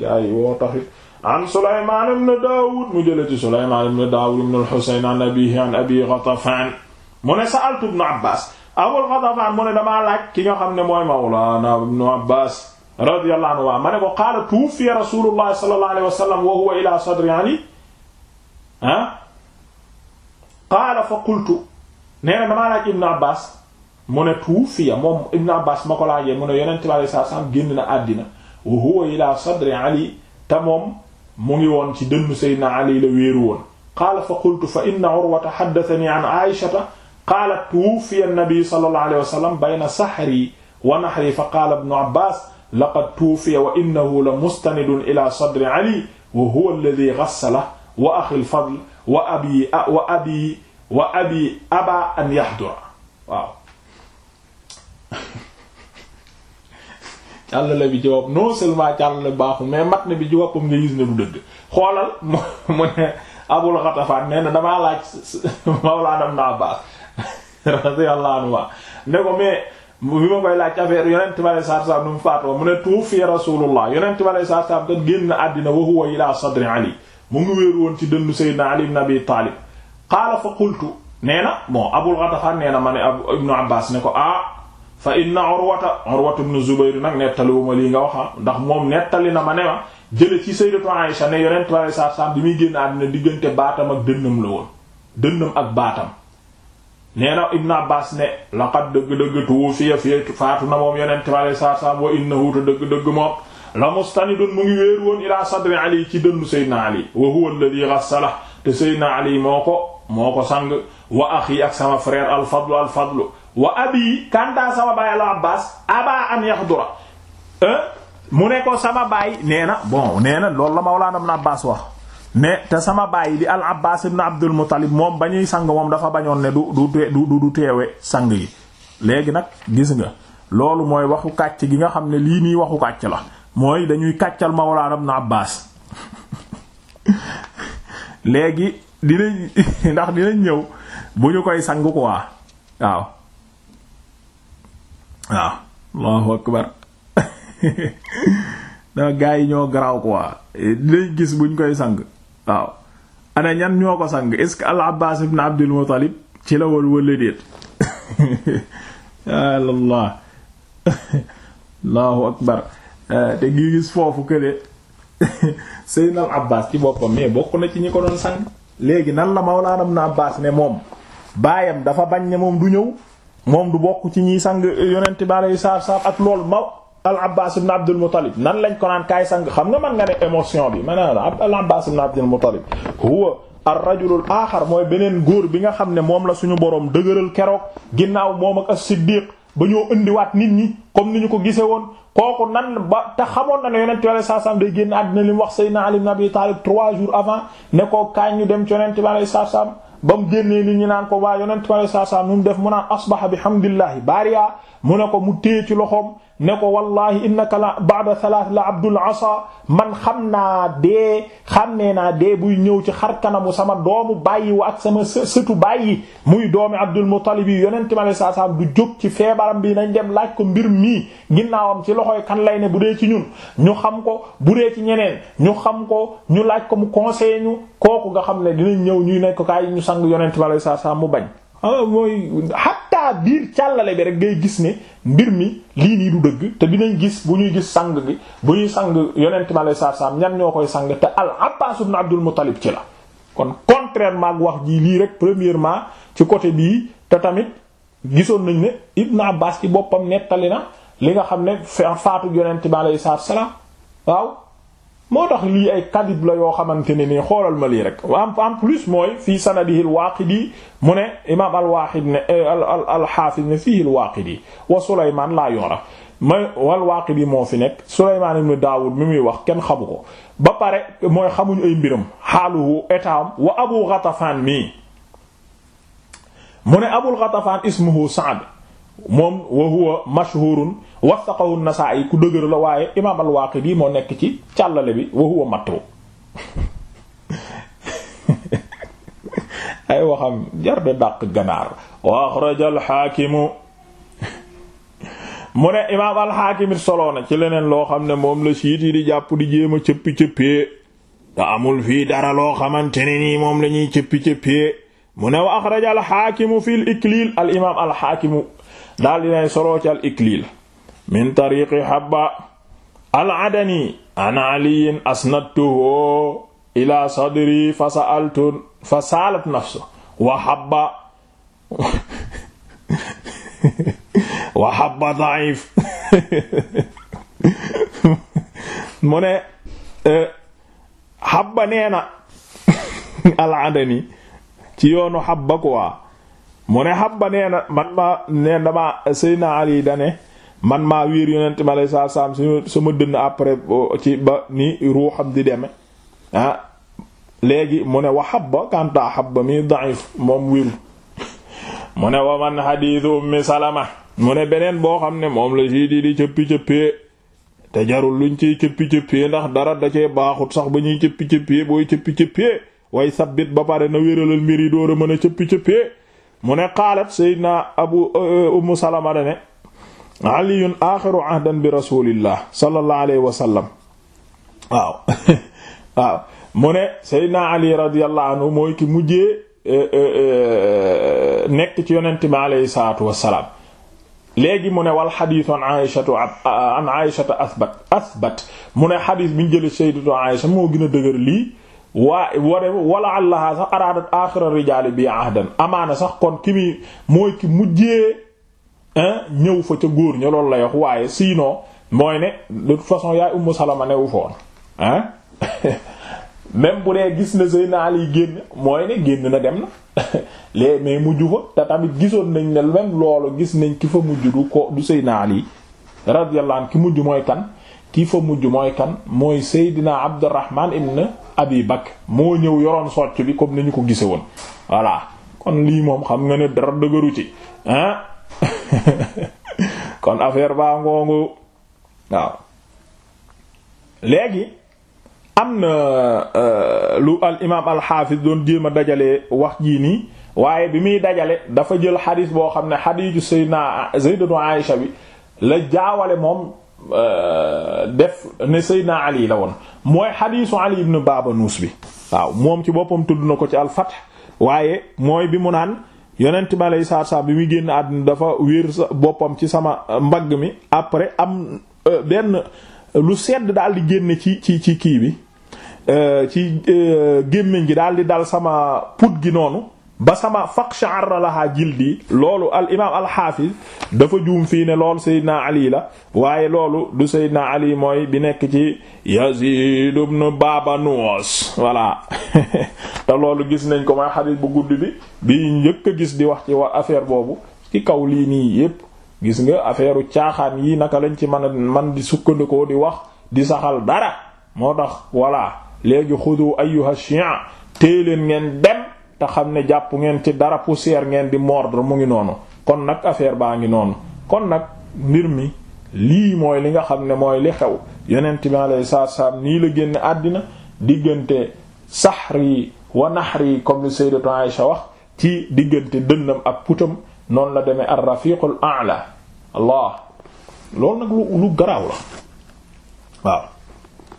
gaa yi woo taxit an Sulaymaan ibn Daawud mu jële ci Sulaymaan ibn Daawud ibn al-Husayn an abiihi an Abi Ghatafaan mu ne sa'altu ibn Abbaas Abul Ghatafaan mu ne damaa laaj ki nga xam ne mooy mawlaana ibn Abbaas radiyallahu anhu waa ma ne ko qaala tuwuffiya rasuulullahi sallallahu alayhi wa sallam wa huwa ilaa sadri yani ah qaala fa qultu nee na damaa laaj Ibn Abbas mu ne tuufiya moom Ibn Abbas ma ko laajee mu ne yonent bi alayhi salaam génn na àddina wa huwa ila sadri Ali te moom mu ngi woon ci dënnu Seydina Ali la wéeru woon qaala fa qultu fa inna Urwata haddathanii an Aysata qaalat tuwuffiya an-nabi sallallahu alayhi wa sallam bayna sahri wa nahri fa qaala ibnu Abbaas laqad tuwuffiya wa innahu la mustanidun ila sadri Ali wa huwa alladhii ghassala wa axil fadl wa abi wa abi wa abi aba an yahdura waaw càllale bi ci wopp non seulement càllale baaxul mais mat na bi ci woppam nga gis ne du dëgg xoolal mu ne abul xatafaan nee damaa laaj mawlaana ibn Abbaas radiyallahu anhu ne ko mais bi ma koy laaj affaire yonent bi alei satu salaam nu mu faatoo mu ne tuufi rasulullah yonent bi alei satu salaam kat génn àddina wa huwa ila sadri ali mu ngi wéeru woon ci dëndu Seydina Ali ibn Abi Taalib qaala fa qultu nee na bon Abul Ghatafaan nee na ma ne Ibnu Abbaas ne ko ah fa inna Urwata Urwata ibn Zubayr nag nettaliwuma lii nga wax ah, ndax moom nettali na ma ne ma jële ci Sayyidatu Aïsha ne Yonent Yàlla sallallahu alayhi wa sallam bi muy génn àddina diggante baatam ak dënnam la woon dënnam ak baatam nee na Ibn Abbas ne laqad dëgg-dëgg tuwufiya fi faatu na moom Yonent Yàlla sallallahu alayhi wa sallam wa dëgg-dëgg la mustanidun mu ngi wéeru woon ila sadri ali ci dëndu saydna ali wa huwa te saydna ali moo ko moo ko sang wa axi ak sama frère alfadlu alfadlu wa abi kantaa sama baay al abbas aba an yahdura mu ne ko sama baay nee na bon nee na loolu la mawlaana ibn abbas wax ne te sama baay di al abbas ibn abdul muttalib moom ba ñuy sang moom dafa bañoon ne du du du teewe sang yi léegi nag gis nga loolu mooy waxu kàcc gi nga xam ne lii nii waxu kàcc la mooy dañuy kàccal Mawlaana Ibn Abbaas léegi dinañ ndax dinañ ñëw bu ñu koy sang ko waa waaw waaw Allahu akbar da gaa yi ñoo garaaw ko waa dinañ gis bu ñu koy sang waaw ana ñan ñoo ko sang est-ce que al Abbaas ibn Abdul Muttalib ci la wal walla déet ya Allah Allahu akbar Eh, te ngi gis foofu këre Seynal Abbas ci boppam mais bokk na ci ñi ko doon sang léegi nan la Mawlaana Ibn Abbas ne moom baayam dafa bañ ne moom du ñëw moom du bokk ci ñiy sang yonent bi alayhi salaam ak loolu ma al Abbas ibn Abdul Muttalib nan lañ ko naan kaay sang xam nga man nga ne émotion bi ma ne la al Abbas ibn Abdul Muttalib huwa ar-rajulul aaxar mooy beneen góor bi nga xam ne moom la suñu boroom dëgëral keroog ginnaaw moom ak as-Siddiq ba ñoo indiwaat nit ñi comme ni ñu ko gisee woon kooku nan ba te xamoon na ne yonent bi alayhi salaam day génn àddina li mu wax Seydina Ali ibn Abi Talib trois jours avant ne ko kaay ñu dem ci yonent bi alayhi salaam ba mu génnee nit ñi naan ko waa yonent bi alayhi salaam nu mu def mu naan asbaha bi hamdillahi bariya mu ne ko mu téye ci loxoom ne ko wallahi innaka la ba'da thalath la abdul asa man xam naa dee xàmmee naa dee buy ñëw ci xar kanamu sama doomu bàyyi wa ak sama sëtu bàyyi muy doomi abdul muttalib yi yonente mi alei saa salaam du jóg ci feebaram bi nañ dem laaj ko mbir mii ginnaawam ci loxoy kan lay ne bu dee ci ñun ñu xam ko bu dee ci ñeneen ñu xam ko ñu laaj ko mu conseiller ñu kooku nga xam ne dinañ ñëw ñuy nekk kaay ñu sang yonente mi alei saa salaam mu bañ Ah, mooy xatta biir càllale bi rek ngay gis ne mbir mi lii nii du dëgg te dinañ gis bu ñuy gis sang bi bu ñuy sang yonent mi alei satu salaam ñan ñoo koy sang te al Abbaas ibn Abdul Muttalib ci la kon contrairement ak wax ji lii rek premièrement ci côté bii te tamit gisoon nañ ne Ibn Abbas ci boppam nettali na li nga xam ne faatu yonent bi alei salaam waaw moo tax lii ay kadib la yoo xamante ne nii xoolal ma lii rek en plus mooy fii sanadihi al-Waaqidi mu ne imaam al-Waaqid ne eh, al-Haafiz ne fiihi al-Waaqidi wa Sulaymaan al-Waaqidi moo fi nekk Sulaymaan ibn Daawuud mi muy wax kenn xamu ko ba pare mooy xamuñu ay mbiram xaaluhu état wa Abu Ghatafaan mi mu ne Abul Ghatafaan ismuhu Sa'd moom wa huwa mashhurun wasaqahu an-Nasa'i ku dëgër la waaye imaam al-Waaqidi moo nekk ci càllale bi wa huwa matru ay waxam jar de dàq ganaar wa axraja al-Haakimu mu ne imaam al-Haakim na ci leneen loo xam ne moom la siit di jàpp di jéem a cëppi cëppee te amul fii dara loo xamante ne nii moom la ñuy cëppi cëppee mu ne wa axraja al-Haakimu Ikliil al imaam al daal dinay soloo ci al ikliil min tariqi habba al adani an aliyin asnadtuhu ila sadri fa saaltu fa saalat nafsu wa habba wa habba daif mu ne e, habba nee na al adani ci yoonu habba quoi mu ne Habba nee na man maa nee dama Seydina Ali dane man maa wiir yonent ma sa saa saam sama dënn après ci ba ni ruuxam di deme ah léegi mu ne wa Habba kanta Habba mi da'if moom wiiru mu ne wa man xadiisu Ummi Salama mu ne beneen boo xam ne moom la sii di di cëppi cëppee te jarul luñ ciy cëppi cëppee ndax dara da cee baaxut sax ba ñuy cëppi cëppee booy cëppi cëppee way sabbit ba pare na wéralal mbir yi door a mën a cëppi cëppee mu ne qaalat sayyidina abu euh, ummu salama dane aliyun axiru ahdan bi rasulillah sallallahu alayhi wa sallam waaw waaw ne sayyidina ali radiyallahu anhu mooy ki mujjee euh, euh, nekk ci yonent bi alayhi salaatu wassalaam léegi mu ne wal xadiisu an Aysatu an Aysata asbat asbat mu ne xadiis bi ñu jëlee sayyidatu moo gën a dëgër lii waa ware wala allaha sax araadat axira rijaali bi ahdan amaana sax kon ki muy mooy ki mujjee ñëw fa ca góor ña loolu lay wax waaye sinon mooy ne de toute façon yaay ummu salama newu foon ah même bu dee gis na Seydina Ali génn mooy ne génn na dem na léegi mais mujj fa te tamit gisoon nañ ne même loolu gis nañ ki fa mujj du ko du Seydina Ali radiyallahu anhu ki mujj mooy kan ki fa mujj mooy kan mooy Seydina Abdurrahman ibn abi bakk moo ñëw yoroon socc bi comme nañu ko gise woon voilà kon lii moom xam nga ne dara dëgëru ci ah kon affaire baa ngoongu waaw léegi am na euh, lu al imaam al xaafis doon jéem a dajale wax jii nii waaye bi muy dajale dafa jël xadiis boo xam ne xadiisu sayyidina Zayd ibn Aisha bi la jaawale moom Euh, def ne Seydina Ali la woon mooy xadiisu Ali ibn nuus bi waaw moom ci boppam tudd na ko ci al waaye mooy bi mu naan yonent bi alayhi salaatu salaam bi muy génn àdduna dafa wéer boppam ci sama mbagg mi après am euh, benn lu sedd daal di génne ci ci ci kii bi euh, ci gémmiñ gi daal di dal sama put gi noonu ba sama faqsha arra laha jildi loolu al imaam al dafa juum fii ne lool loolu Seydina Ali la waaye loolu du Seydina Ali mooy bi nekk ci Yazid ibn Babanus voilà te loolu gis nañ ko mooy xadiis bu gudd bi bi njëkk a gis di wax ci wa affaire boobu ci kaw lii nii yépp gis nga affaire caaxaan yi naka lañ ci mën a man di sukkandikoo di wax di saxal dara moo tax voilà léegi xudu ayyuha shi'a téeleen ngeen dem te xam ne jàpp ngeen ci dara poussière ngeen di mordre mu ngi noonu kon nag affaire baa ngi noonu kon nag mbir mi lii mooy li nga xam ne mooy li xew yonent bi alayhi salaatu salaam nii la génn àddina diggante saxri wa naxri comme li sayyidatu Aïsha wax ci diggante dënnam ak putam noonu la demee ar-rafiqul a'la allah loolu nag lu lu garaaw la waaw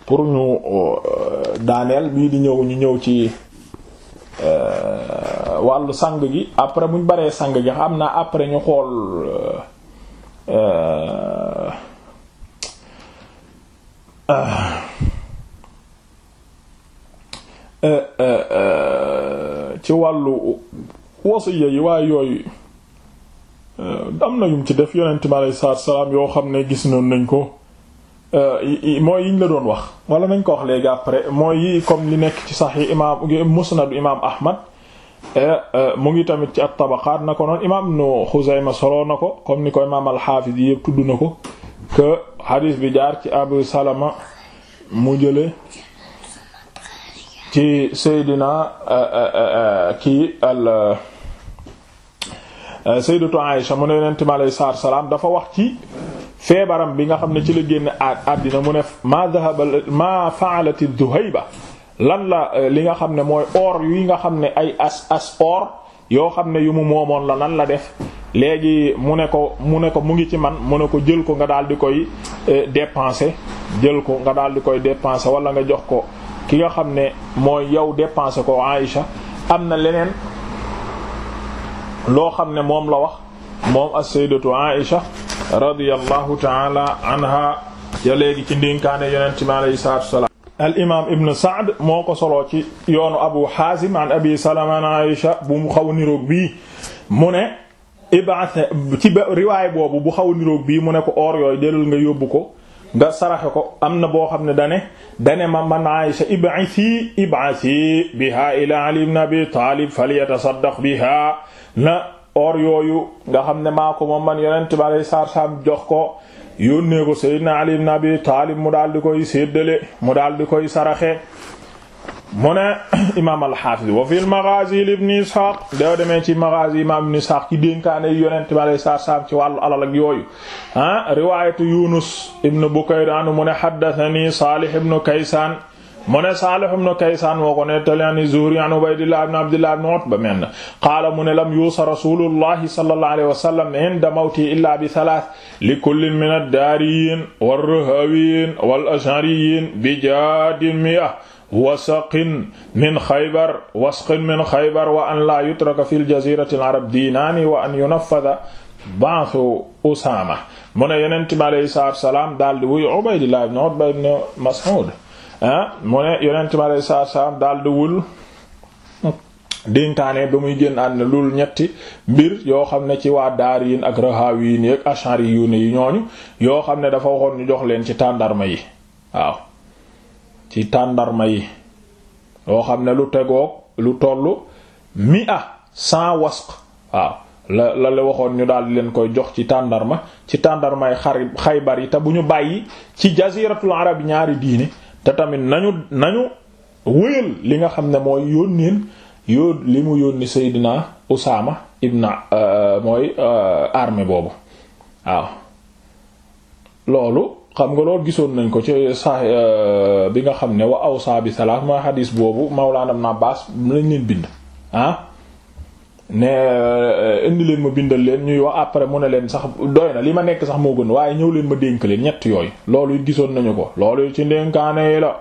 pour ñu euh, daaneel bii di ñëw ñu ñëw ci Euh, wàllu sang gi après bu ñu baree sang gi xam naa après ñu xool euh, euh, ci wàllu wasiya yi waaye yooyu am na yum ci def yonent mi alayhi salaatu salaam yoo xam ne gis noonu nañ ko Euh, mooy yiñ la doon wax wala nañ ko wax léegi après mooy yi comme li nekk ci saxi imaam musnadu imaam Ahmad eh, euh, mu ngi tamit ci at-Tabaqaat na ko noonu imaam Ibnu Xuzayma soloo na ko comme ni ko imaam al-Xaafiz yi yëpp tudd na ko que xadiis bi jaar ci Abu Salama mu jële ci Seydina euh, kii al Sayyidatu Aïsha mu ne Yonent mi alayhi salaatu salaam dafa wax ci feebaram bi nga xam ne ci la génn àddina mu ne ma dhahaba ma fa'alati ba lan la euh, li nga xam ne mooy or yi nga xam ne ay as as or yoo xam ne yu mu moomoon la lan la def léegi mu ne ko mu ne ko mu ngi ci man mu ne ko jël ko nga daal di koy euh, dépenser jël ko nga daal di koy dépenser wala nga jox ko ki nga xam ne mooy yow dépenser ko Aïcha am na leneen loo xam ne moom la wax moom as-sayyidatu Aïcha radiyallahu taala anha ja léegi ci ndénkaane yonent bi alayhi salaatu wassalaam al imaam ibn Sa'd moo ko soloo ci yoonu Abu Haazim an Abi Salama an Aisha bu mu xaw niroog bii mu ne ibaas ci riwaay boobu bu xaw niroog bii mu ne ko or yooyu delul nga yóbbu ko nga saraxe ko am na boo xam ne dane dane ma man Aisha ib'asi ib'asi biha ila Ali ibn Abi Talib falyatasaddaq biha la or yooyu nga xam ne maa ko moom man yonent bi aleyhi salaatu salaam jox ko yónnee ko Seydina Ali ibn Abi Taalib mu daal di koy séddale mu daal di koy saraxe mu ne imaam al-Hafiz wa fil Maghazi ibn Ishaq doo demee ci Maghazi imaam ibn Ishaq ci dénkaane yonent bi aleyhi salaatu salaam ci wàllu alal ak yooyu ah riwaayatu Yunus ibn Bukayr anu mu ne haddathani Salih ibn Kaysan mu ne Saalih ibn Kaysaan moo ko nettali an Zuhri an Ubaydillah ibn Abdillah ibn Utba men qaala mu ne lam yuusa Rasuulullahi sallallahu alayhi wa sallam inda mawti illaa bi thalath li kullin min ad-daariyiin war-rahaawiyiin wal-ash'ariyiin bi jaadin mi'a wasaqin min xaybar wasqin min xaybar wa an laa yutraka fi ljazirati larab diinaani wa an yunafada bantu Usaama mu ne yonent bi aleyhi salaatu wa salaam daal di wuyu Ubaydillah ibn Utba ibn Mas'ud Ah, mu ne yonent mi aleyhi salaatu salaam daal di wul dénkaane ba génn ànd loolu ñetti mbir yoo xam ne ci waa daar yin ak rahaawi yin ak ashari yu ne yi ñooñu yoo xam ne dafa waxoon ñu jox leen ci tàndarma yi waaw tàndarma yi yoo xam ne lu tegoog lu tollu mi a la la la waxoon ñu daal di leen koy jox ci tàndarma ci tàndarmay xar xaybar yi te bu ñu bàyyi ci jaziratul arab ñaari diini te tamit nañu nañu wëyal li nga xam ne mooy yónneen yoo li mu yónni Seydina Usaama ibna euh, mooy euh, armée boobu waaw loolu xam nga loolu gisoon nañ ko ci sa euh, bi nga xam ne wa awsa bi salaat mooy xadiis boobu Mawlaana naa Abbaas lañ leen bind ah? ne euh, indi leen ma bindal leen ñuy wax après mu ne leen sax doy na li ma nekk sax moo gën waaye ñëw leen ma dénk leen ñett yooy loolu it gisoon nañu ko loolu ci ndénkaane yi la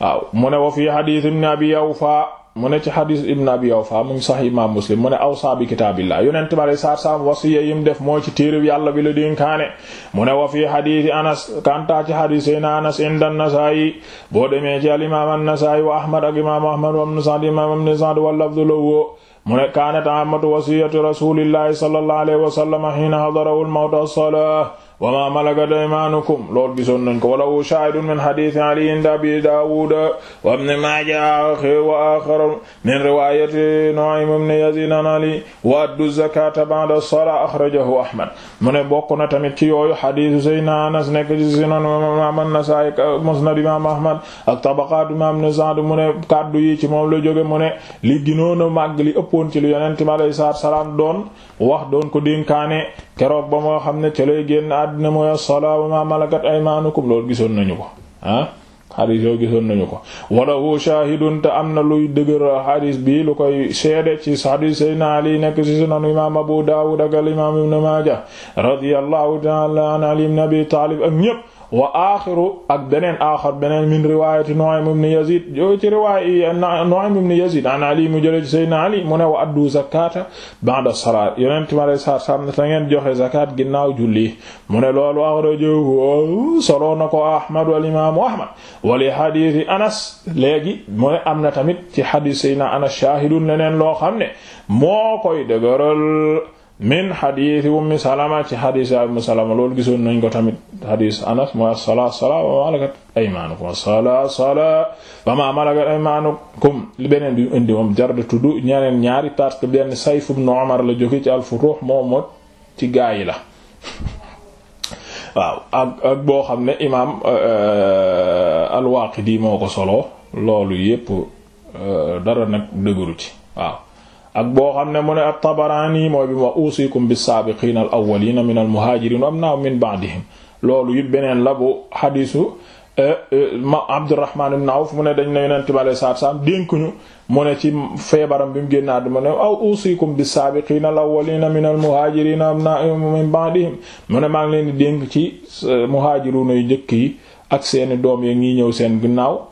waaw mu ne wa fii xadiis ibn abi yawfa mu ne ci xadiis ibn abi yawfa mu ngi sax imaam muslim mu ne awsa bi kitaabillah yonent bari saar saam wasiya yim def mooy ci téereb yàlla bi la dénkaane mu ne wa fii xadiisi anas kantaa ci xadiis sayna anas inda an-nasaa'i boo demee ci al imaam an wa ahmad ak imaam ahmad wa ibn sa'd imaam ibn mu ne kaanat amatu wasiyatu rasulillahi sallallahu alayhi wa sallam xiina hadarahu al mawt as-salaa wa ma malakat aymaanukum lool gisoon nañ ko wala wu shahidun min hadith ali ibn abi daawud wa ibn maaja wa akhar min riwayati nu'aym ibn yazid an ali wa addu zakata ba'da as-salat akhrajahu ahmad mu ne bokk na tamit ci yooyu hadith sayna anas nekk ci sunan imam an-nasa'i musnad imam ahmad ak tabaqat imam ibn sa'd mu ne kaddu yi ci moom la jóge mu ne li ginoona màgg li ëppoon ci lu yonent mi alayhi salaam doon wax doon ko dénkaane keroog ba moo xam ne ca lay génn àddina mooy as-salaa maa malakat aymaanukum loolu gisoon nañu ko ah xadis yoo gisoon nañu ko walahu shaahidun te am na luy dëgër xadis bi lu koy seede ci xadis sayna ali nekk ci sunan imam abu daawud ak al imam ibn maaja radiyallahu ta'ala an ali ibn abi taalib ak ñépp wa aaxiru ak beneen aaxar beneen min riwaayati Nu'aym ibn Yazid yo ci riwaaya Nu'aym ibn an Ali mu jëlee ci Seydina Ali mu ne wa addu zakata ba'da salaat yonent ma lay saa saam ne ta ngeen joxe zakat ginnaaw julli mu ne loolu axrajahu soloo na ko Ahmad wal imaamu Ahmad wali hadiisi Anas léegi mu am na tamit ci hadiis Seydina Anas shaahidun leneen loo xam ne moo koy dëgëral min xadiisi ummi salama ci xadiisi ummi salama loolu gisoon nañ ko tamit xadiis anas mooy assalaa assalaa wa maa malakat aymaanukum assalaa assalaa wa maa malakat aymaanukum li beneen bi indi moom jar de tudd ñeneen ñaari parce que benn Sayf ibn Umar la jóge ci al-Futuh moom ci gaa yi la waaw ak boo xam ne imaam euh, euh, al moo ko solo loolu yépp euh, dara nag dëgëru ci ak boo xam ne mu ne at-Tabarani mooy bi mu wax usikum bis-saabiqiina al-awwaliina mina al-muhaajiriina wa abnaa'ihim min ba'dihim loolu it beneen la bu xadiisu eh, eh, ma Abdurrahmaan ibn Awf mu ne dañ ne Yonent bi alayhi salaatu salaam dénkuñu mu ci feebaram bi mu génn àdduna ne aw usikum bis-saabiqiina al-awwaliina mina al-muhaajiriina wa abnaa'ihim min ba'dihim mu ne maa ngi leen di dénk ci eh, muhaajiruuna yu njëkk yi ak seeni doom yi ngi ñëw seen ginnaaw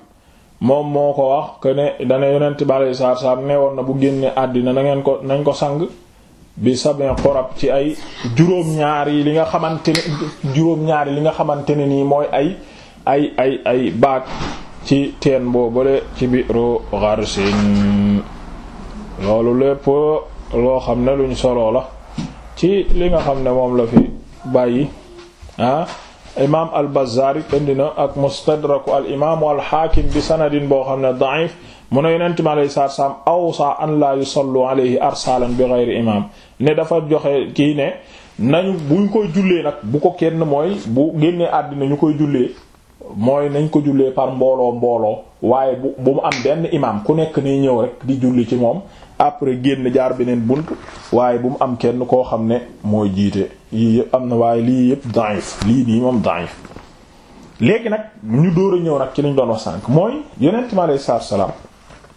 moom moo ko wax que ne dana yonent bale saar saar nee na bu génne àddina na ngeen ko nañ ko sang bi sabin xorab ci ay juróom-ñaar yi li nga xamante ne ñaar li nga xamante ne nii mooy ay ay ay ay baag ci teen boobale ci biiru Gharsin loolu lépp loo xam ne luñ solo la ci li nga xam ne moom la fi bàyyi ah. imaam al Bazzaari indi na ak mustadraku al imaamu al xaakim bi sanadin boo xam ne da'if mu ne yonent mi alayhi salaatu salaam awsaa an laa yusallu alayhi arsaalan bi ghayri imaam dafa joxe kii ne nañu buñ koy jullee nag bu ko kenn mooy bu génnee àddina ñu koy jullee mooy nañ ko jullee par mbooloo mbooloo waaye bu bu mu am benn imaam ku nekk nii ñëw rek di julli ci moom après génn jaar beneen bunt waaye bu mu am kenn koo xam ne mooy jiite yii yëpp am na waaye lii yëpp daif lii nii moom daif léegi nag ñu dóor a ñëw nag ci liñ doon wax sànq mooy yonent ma alayhi salaam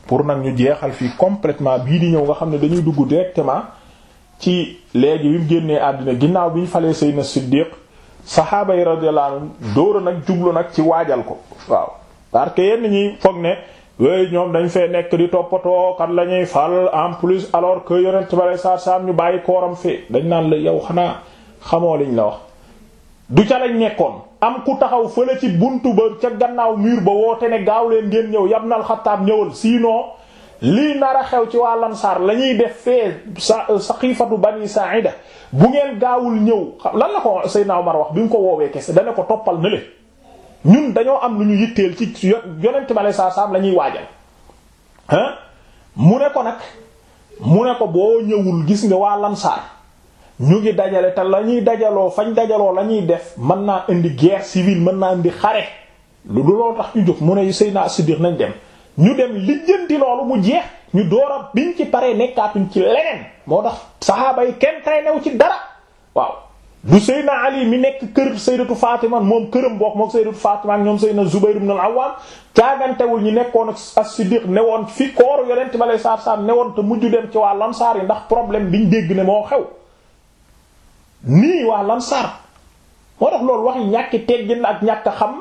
pour nag ñu jeexal fii complètement bii di ñëw nga xam ne dañuy dugg directement ci léegi bi mu génnee àddina ginnaaw bi ñu falee Seydina Siddiq saxaaba yi radiyallahu anhum dóor a nag jublu nag ci waajal ko waaw parce yenn ñi foog ne wey ñoom dañ fee nekk di toppatoo kan la ñuy fal en plus alors que yonent bale saar saam ñu bàyyi kooram fee dañ naan la yow xanaa xamoo liñ la wax du ca nekkoon am ku taxaw fële ci buntu ba ca gannaaw mur ba woote ne gaaw leen ngeen ñëw yam nal xataab ñëwal lii nar xew ci waa Ansaar la ñuy def fee sa saqiifatu bani Saa'ida bu ngeen gaawul ñëw lan la ko Seydina Omar wax bi mu ko woowee kese dana ko toppal na ñun dañoo am lu ñu yitteel ci yonent bi aleyhi salaam la ñuy waajal ah mu ne ko nag mu ne ko boo ñëwul gis nga waa lansaar ñu ngi dajale te la ñuy dajaloo fañ dajaloo la ñuy def mën naa indi guerre civile mën naa indi xare lu du loolu tax ñu jóg mu ne Seydina Siddiq nañ dem ñu dem lijjanti loolu mu jeex ñu doora biñ ci pare nekkaatuñ ci leneen moo tax saxaaba yi kenn tay new ci dara waaw du Seydina Ali mi nekk kër Sayyidatu Fatima moom këram bokk moom Sayyidatu Fatima ak ñoom Seydina Zubayr ibn al-Awwam caagantewul ñi nekkoon ak as-Siddiq newoon fi kooru yonent ma lay saar ne woon te mujj dem ci waa Lansaar yi ndax problème biñ dégg ne moo xew nii waa Lansaar moo tax loolu wax ñàkki teggin ak ñàkk xam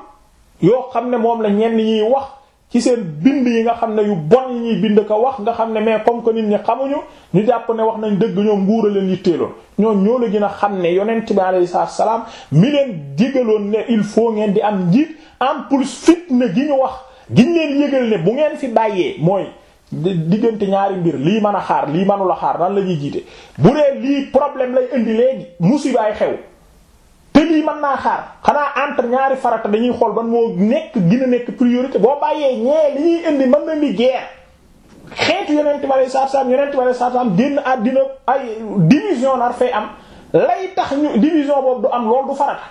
yoo xam ne moom la ñenn ñiy wax ci seen bind yi nga xam ne yu bon yi ñuy bind ko wax nga xam ne mais comme que nit ñi xamuñu ñu jàpp ne wax nañ dëgg ñoom nguur a leen yitteeloon ñoo ñoo la gën a xam ne yonent bi alayhi salaam mi leen digaloon ne il faut ngeen di am njiit en plus na gi ñu wax gi ñu leen yëgal ne bu ngeen fi bàyyee mooy diggante ñaari mbir lii mën a xaar lii mënula xaar nan la ñuy jiite bu dee lii problème lay indi léegi musibaay xew. mbir man naa xaar xanaa entre ñaari farata dañuy xool ba moo nekk gën nekk priorité boo bàyyee ñee li ñuy indi mën na ni guerre xeetu yonent ma lay saabsaab yonent ma lay saabsaab génn àddina ay division nar fay am lay tax ñu division boobu du am lool du farata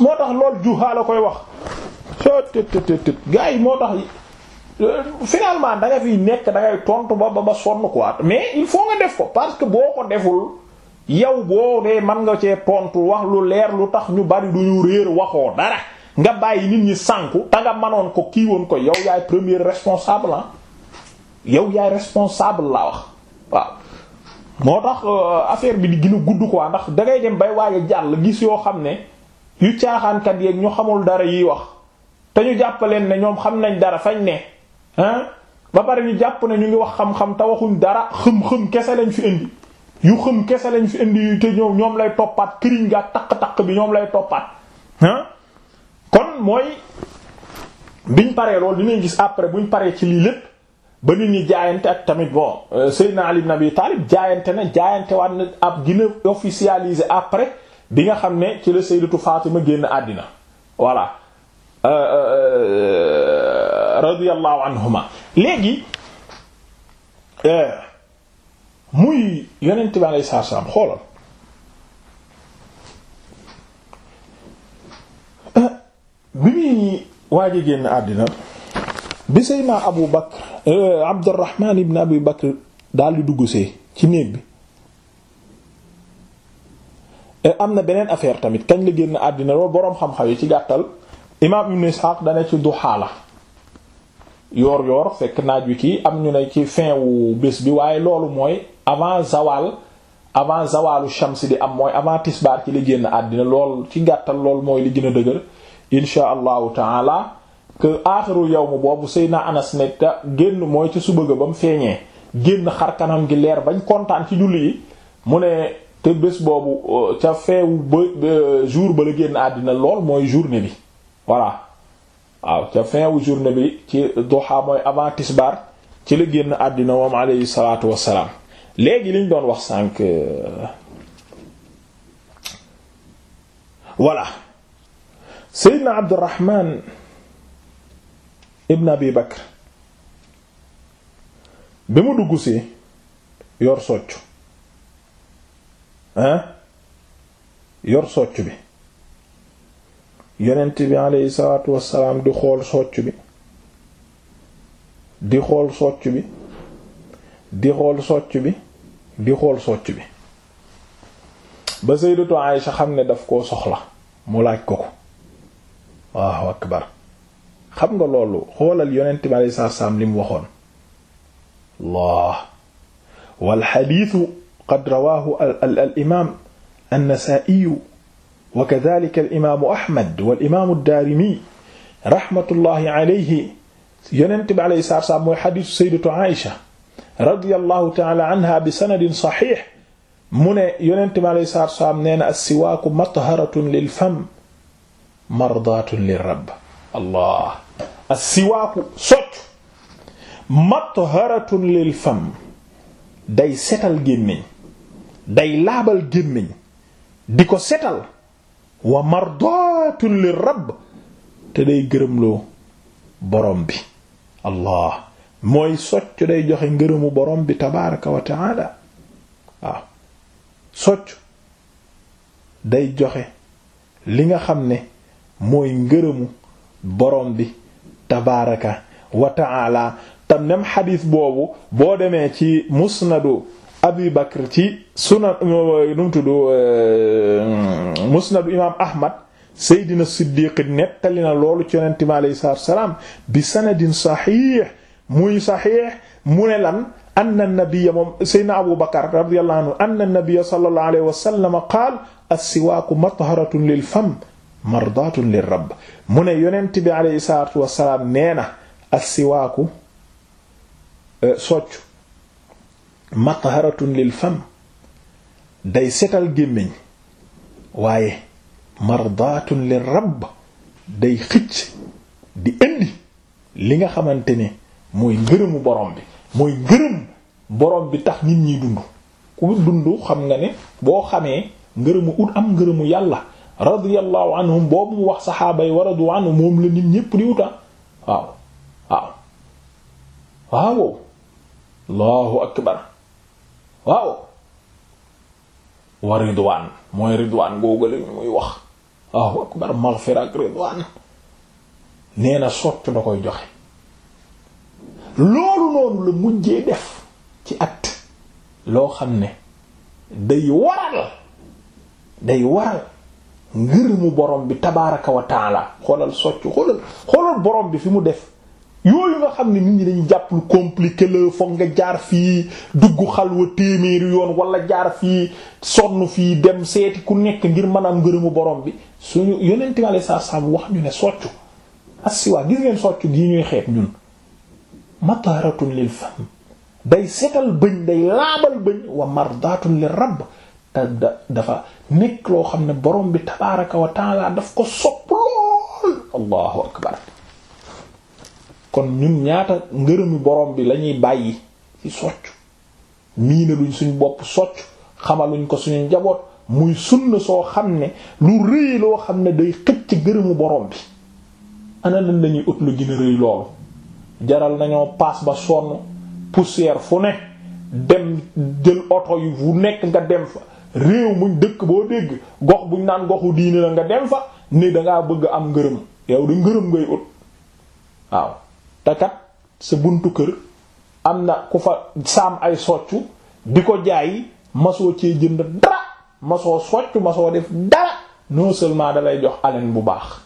moo tax lool juha la koy wax. tët tët tët tët moo tax euh, finalement da nga fiy nekk da ngay tontu ba ba sonn quoi mais il faut nga def ko parce que boo ko deful. yow boo man nga cee tontu wax lu leer lu tax ñu bari du ñu réer waxoo dara nga bàyyi nit ñi sànku ta nga manoon ko kii woon ko yow yaay premier responsable ah yow yaay responsable laa wax waaw moo tax euh, affaire bi di gën a gudd quoi ndax dangay dem bay waaye jàll gis yoo xam ne yu caaxaankat yeeg ñu xamul dara yi wax te ñu jàppaleen ne ñoom xam nañ dara fañ ne ah ba pare ñu jàpp ne ñu ngi wax xam-xam te waxuñ dara xëm-xëm kese lañ fi indi yu xëm kese lañ fi indi yu ñoom ñoom lay toppaat këriñ ga takk-takk bi ñoom lay toppaat kon mooy biñ paree loolu dinañ gis après buñ paree ci lii lépp ba nit ñi jaayante ak tamit bon euh, Seydina Ali ibn Abi Talib jaayante na jaayante waat na ab gën a officialisé après bi nga xam ne ci la Sayyidatu Fatima génn àddina voilà euh, euh, radiyallahu anhuma léegi. muy yonent bi alayhi salaatu salaam xoolal bi muy waaj génn àddina bi Seydina Abu Bakr euh, Abdurrahman ibn Abi Bakr daal di dugg see ci néeg bi euh, am na beneen affaire tamit kañ la génn àddina loolu boroom xam-xam yi ci gàttal imaam Ibn Ishaq dana ci duhaa la yoor yoor fekk naaj wi kii am ñu ne ci fin wu bés bi waaye loolu mooy avant zawal avant zawalu shams di am mooy avant tisbaar ci li génn àddina lool ci gàttal lool mooy li gën a dëgër insha allahu taala que aaxiru yawm boobu Seydina Anas ne te génn mooy ci su bëgg ba mu feeñee génn xar kanam gi leer bañ kontaan ci julli yi mu ne te bés boobu euh, ca feewu ba jour ba la génn àddina lool mooy journée bi voilà waaw ca fin wu journée bi ci doxa mooy avant tisbaar ci la génn àddina moom alayhi salaatu wassalaam léegi liñ doon wax sànq voilà Seydina Abdurrahman ibn Abi Bakr bi mu dugg si yor soccu ah yor soccu bi yonent bi aleyhi salaatu wassalaam di xool soccu bi di xool soccu bi di xool socc bi di xool socc bi ba sayyidatu Aïsha xam ne daf koo soxla mu laaj ko ko waaw akbar xam nga loolu xoolal yonent bi alayhi salaatu salaam li mu waxoon Allah wal xadiisu qad rawaahu al al imaam an-Nasaa'iyu wa kadaalika al imaamu Ahmad wal imaamu Daarimi raxmatullaahi alayhi yonent bi alayhi salaatu salaam mooy xadiisu sayyidatu Aïsha radiyallahu taala anha bi sanadin saxiix mu ne yonent bi alayhi salaatu wasalaam nee na as-siwaaku matharatun lil fam mardaatun lir rabb allah as-siwaaku socc matharatun lil fam day setal gémmiñ day laabal gémmiñ di ko setal wa mardaatun lir rabb te day gërëmloo borom bi allah mooy soccu day joxe ngërëmu borom bi tabaaraka wa ta'ala waaw day joxe li nga xam ne mooy ngërëmu borom bi tabaaraka wa ta'ala tam nem xadiis boobu boo demee ci musnadu abi bakr ci sunan nu mu tudd euh, musnadu imaam ahmad seydina siddiq nettali na loolu ci yonente mi alayhi salaatu wa salaam bi sanadin saxiix muy saxiix mu ne lan anna nabiyya moom saydna abu bakar radiyallahu anhu anna nabiyya sallallahu alayhi wa sallam qaal as-siwaaku matharatun lil fam mardaatun lir rabb mu ne yonent bi alayhi salaatu wassalaam nee na as-siwaaku eh, soccu matharatun lil fam day setal gémmiñ waaye mardaatun lir rabb day xicc di indi li nga xamante ne mooy ngërëmu borom bi mooy ngërëm borom bi tax nit ñi dund ku dund xam nga ne boo xamee ngërëmu ut am ngërëmu yàlla radiyallahu anhum boobu mu wax saxaaba yi waradu anhu moom la nit ñépp di wuta ah. waaw waaw waaw allahu akbar waaw ridwaan mooy ridwaan googu la muy wax allahu akbar maghfira ak ridwaan nee na soccu da koy joxe loolu noonu la mujjee def ci at loo xam ne day waral day waral ngir borom bi tabaaraka wa xoolal soccu xoolal xoolal borom bi fi mu def yooyu nga xam ne nit ñi dañu jàpp lu compliqué la foog nga jaar fii dugg xalwa téeméeri yoon wala jaar fii sonn fii dem seeti ku nekk ngir mën a ngërëmu borom bi suñu yonent mi alayhi salaam wax ñu ne soccu asiwaa gis ngeen soccu gii ñuy xeeb ñun mataaratu lil fam day setal bëñ day laabal bëñ wa mardaatun lil rabb te dafa nekk loo xam ne borom bi tabaaraka wa taala daf ko sopp lool allahu akbar kon ñun ñaata ngërëmi borom bi lañuy bàyyi ci soccu miinaluñ suñ bopp soccu xamaluñ ko suñu njaboot muy sunna soo xam ne lu rëy loo xam ne day xëcc ngërëmu borom bi ana lañ lañuy ut lu gën a rëy loolu jaral nañoo paas ba sonn poussière fu ne dem jël oto yi fu nekk nga dem fa réew muñ dëkk boo dégg gox buñ naan goxu diini la nga dem fa ni dangaa bëgg am ngërëm yow di ngërëm ngay ut waaw te kat sa buntu kër am na ku fa saam ay soccu di ko jaay masoo cee jënd dara masoo soccu masoo def dara non seulement dalay jox allen bu baax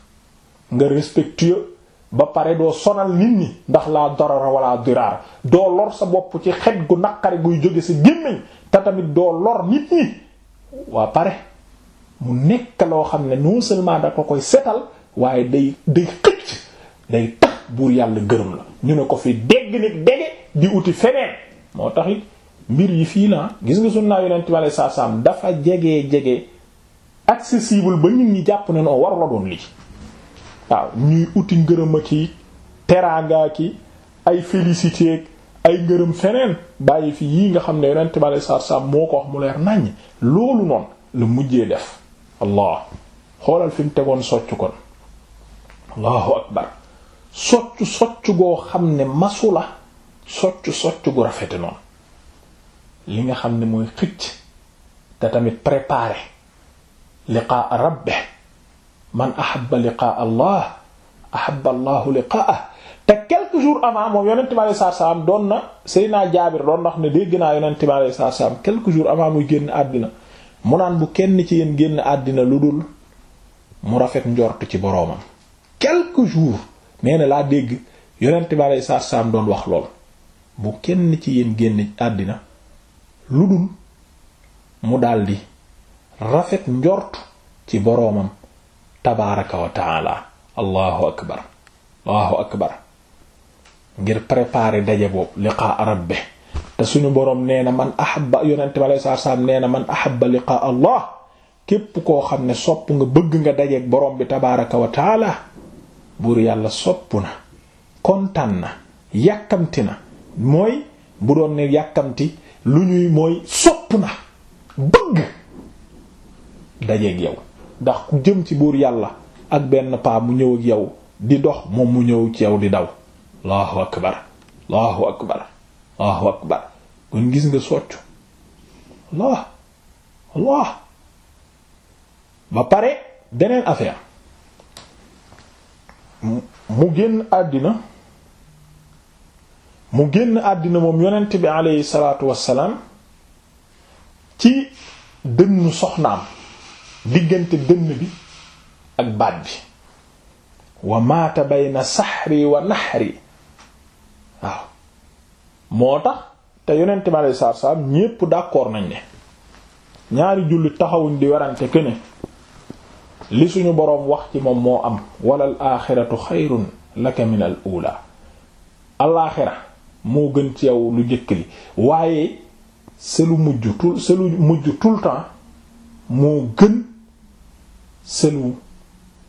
nga respectueux ba pare doo sonal nit ñi ndax laa darara wala diraar doo lor sa bopp ci xet gu naqari guy jóge si gémmiñ te tamit doo lor nit ñi waa pare mu nekk loo xam ne non seulement da ko koy setal waaye day day xëcc day tax buur yàlla gërëm la ñu ne ko fi dégg nit dege di wuti feneen moo tax it mbir yi fii naa gis nga sunnaa yonent bi alei saatu salaam dafa jege jege accessible ba nit ñi jàpp ne noo warula doon lii waaw ñuy uti ngërëm ki teraanga ki ay félicité ay ngërëm feneen bàyyi fi yii nga xam ne yonent bi saa saa moo ko wax mu leer naññ loolu noonu la mujjee def allah xoolal fi tegoon soccu kon allahu akbar soccu soccu goo xam ne masu la soccu soccu gu rafete noonu li nga xam ne mooy xëcc te tamit préparer liqaa rabbe man ahabba liqaa allah ahabba allahu liqaa'ah te quelque jours avant moom yonent bi alayhi salaatu salaam doon na Seydina Jaabir doon na ne dégg naa yonent bi alayhi salaatu salaam quelques jours avant muy génn àddina mu naan bu kenn ci yéen génn àddina lu dul mu rafet njort ci boroomam quelques jours nee na dégg yonent bi alayhi doon wax bu kenn ci yéen génn àddina lu mu daldi rafet njort ci boromam tabaaraka wa taala allahu akbar ngir préparer daje boobu liqaa rabbi te suñu boroom nee na man ahabba yonente na man ahabba liqaa allah képp koo xam ne sopp nga bëgg nga dajeek boroom bi tabaaraka wa taala buur yàlla sopp na kontaan na yàkkamti na mooy bu doon ne yàkkamti lu ñuy mooy sopp na bëgg dajeek yow ndax ku jëm ci buur yàlla ak benn paa mu ñëw ak yow di dox moom mu ñëw ci yaw di daw allahu akbar allahu akbar allahu akbar kon gis nga soccu allah allah ba pare beneen affaire mu génn àddina mu génn àddina moom yonent bi aleyhi salaatu wassalaam ci dënnu soxnaam diggante dënn bi ak baat bi wa maata bayna saxri wa naxri waaw moo tax te yonent bi alayhi salaatu salaam ñépp d'accord nañ ne ñaari jullit taxawuñ di werante que li suñu boroom wax ci moom moo am wala al axiratu xayrun laka min al ula alaaxira moo gën ci yow lu jëkk li waaye sa mujj tout sa mujj tout le temps moo gën selu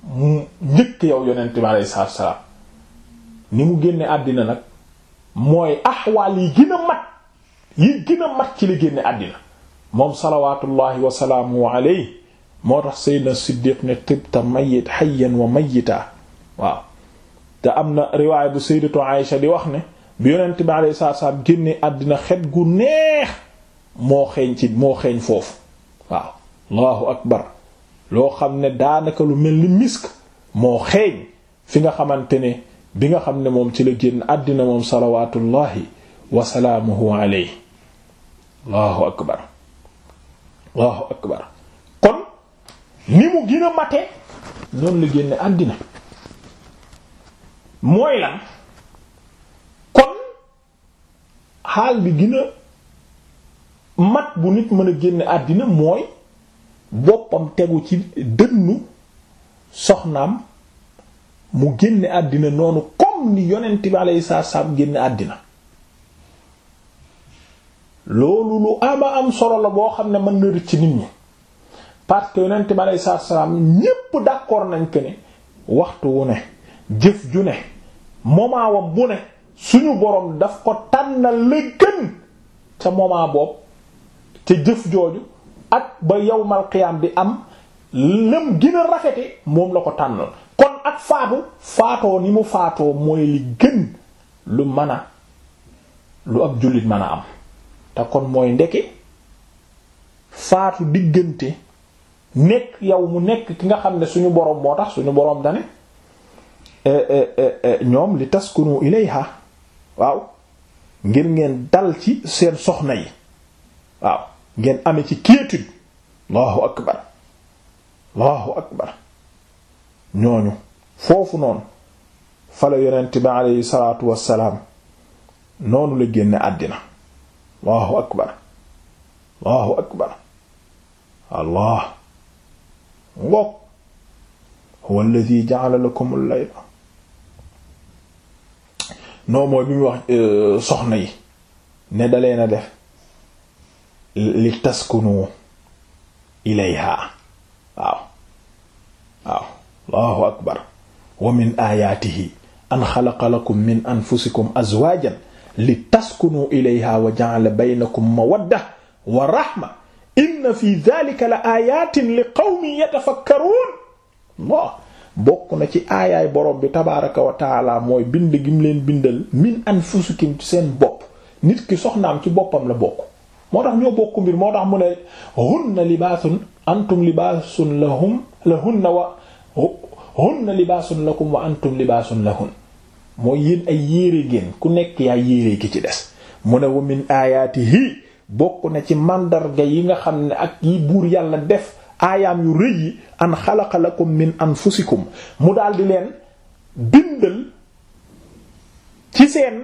mu njëkk yow yonent bi alayhi salaatu salaam ni mu génne àddina nag mooy axwaal yi gën mat yi gën mat ci li génne àddina moom salawaatullahi wa salaamu moo tax Seydina Siddiq ne tibta mayyit hayyan wa mayyitaa waaw te am na riwaay bu Sayyidatu Aïsha di wax ne bi yonent bi alayhi salaam génne àddina xet gu neex moo xeeñ ci moo xeeñ foofu waaw Allahu akbar loo xam ne daanaka lu mel ni misk moo xeeñ fi nga xamante ne bi nga xam ne moom ci la génn àddina moom salawaatullahi wasalaamuhu alayhi allahu akbar allahu akbar kon ni mu gën mate noonu la génne àddina mooy lan kon xaal bi gën a mat bu nit mën a génne àddina mooy boppam tegu ci dënnu soxnaam mu génne àddina noonu comme ni yonent bi alayhi salaam génne àddina loolu lu ama am solo la boo xam ne mën na rëcc nit ñi parce que yonent bi alayhi salaam ñépp d'accord nañ ko ne waxtu wu ne jëf ju ne moment wam bu ne suñu boroom daf ko tànnal la gën ca moment boobu ca jëf jooju ak ba yawmal qiyaam bi am lëm gën rafete moom la ko tànnal kon ak faatu faatoo ni mu faatoo mooy li gën lu mën a lu ab jullit mën a am te kon mooy ndeke faatu diggante nekk yow mu nekk ki nga xam ne suñu boroom moo tax suñu boroom dane eh, eh, eh, ñoom li tas taskunu ilayha waaw ngir ngeen dal ci seen soxna yi waaw ngeen ame ci quiétude allahu akbar allahu akbar ñooñu foofu noonu fala yonent bi aleyhi salaatu la génne àddina allahu akbar allahu akbar allah ngoog huwa alladhi ja'ala lakum al-layla bi mu euh, soxna yi ne daleena def li taskunu ilayha waaw waaw allahu akbar wa min ayaatihi an xalaqa lakum min anfusikum azwaajan li taskunu ilayha wa ja'ala baynakum mawadda wa rahma inna fi dhalika la ayatin li qawmin yatafakkarun bon bokk na ci aayaay borom bi tabaraka wa taala mooy bind gi bindal min anfusikum ci seen bopp nit ki soxnaam ci boppam la bokk moo tax ñoo bokk mbir moo tax mu ne hunna libaasun antum libaasun lahum lahunna wa hunna libaasun lakum wa antum libaasun lahun mooy yéen ay yére ngeen ku nekk yaa yére ki ci des mu ne wa min aayaatihi bokk na ci màndarga yi nga xam ne ak yi buur yàlla def aayaam yu rëy yi an xalaqa lakum min anfusikum mu daldi leen bindal ci seen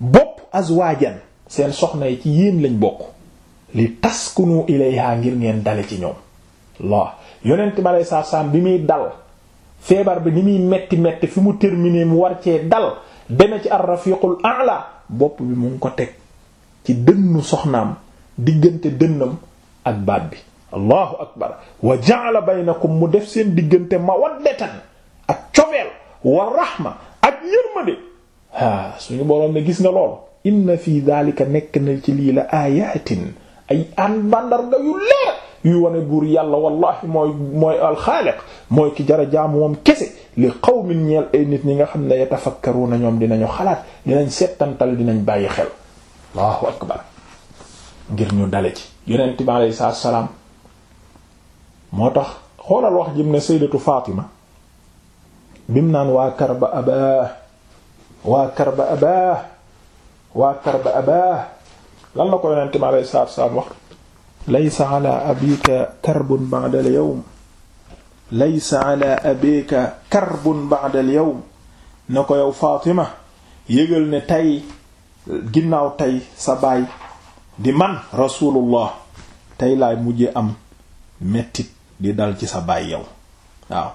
bopp azwaajan seen soxna yi ci yéen lañ bokk li taskunu ilayha ngir ngeen dale ci ñoom la yonent bi aley salaatu bi muy dal feebar bi ni muy metti metti fi mu terminé mu war cee dal deme ci ar-rafiqul a'la bopp bi mu ngi ko teg ci dënnu soxnaam diggante dënnam ak baat bi allahu akbar wa ja'ala baynakum mu def seen diggante mawaddatan ak cofeel wa rahma ak yërmande haa suñu boroom ne gis nga lool inna fi daalika nekk nañ ci lii la ayatin ay an màndarga yu leer yu wane buur yàlla wallahi mooy mooy alxaaliq mooy ki jara jaamu kese li qawmin ñeel ay nit ñi nga xam ne yatafakkaruna ñoom dinañu xalaat dinañ settantal dinañ bàyyi xel allahu akbar ngir ñu dale ci yonent bi alayhi salaatu salaam moo tax xoolal wax jëm ne sayyidatu Fatima bim naan waa karba abaa waa karba abaa waa karba abaa lan la ko yonente mi alayhi salaatu salaam wax laysa ala abika karbun al-yawm laysa ala abika karbun al-yawm na ko yow Fatima yëgal ne tey ginnaaw tey sa baay di man rasulullah tey laay mujje am mettit di dal ci sa baay yow waaw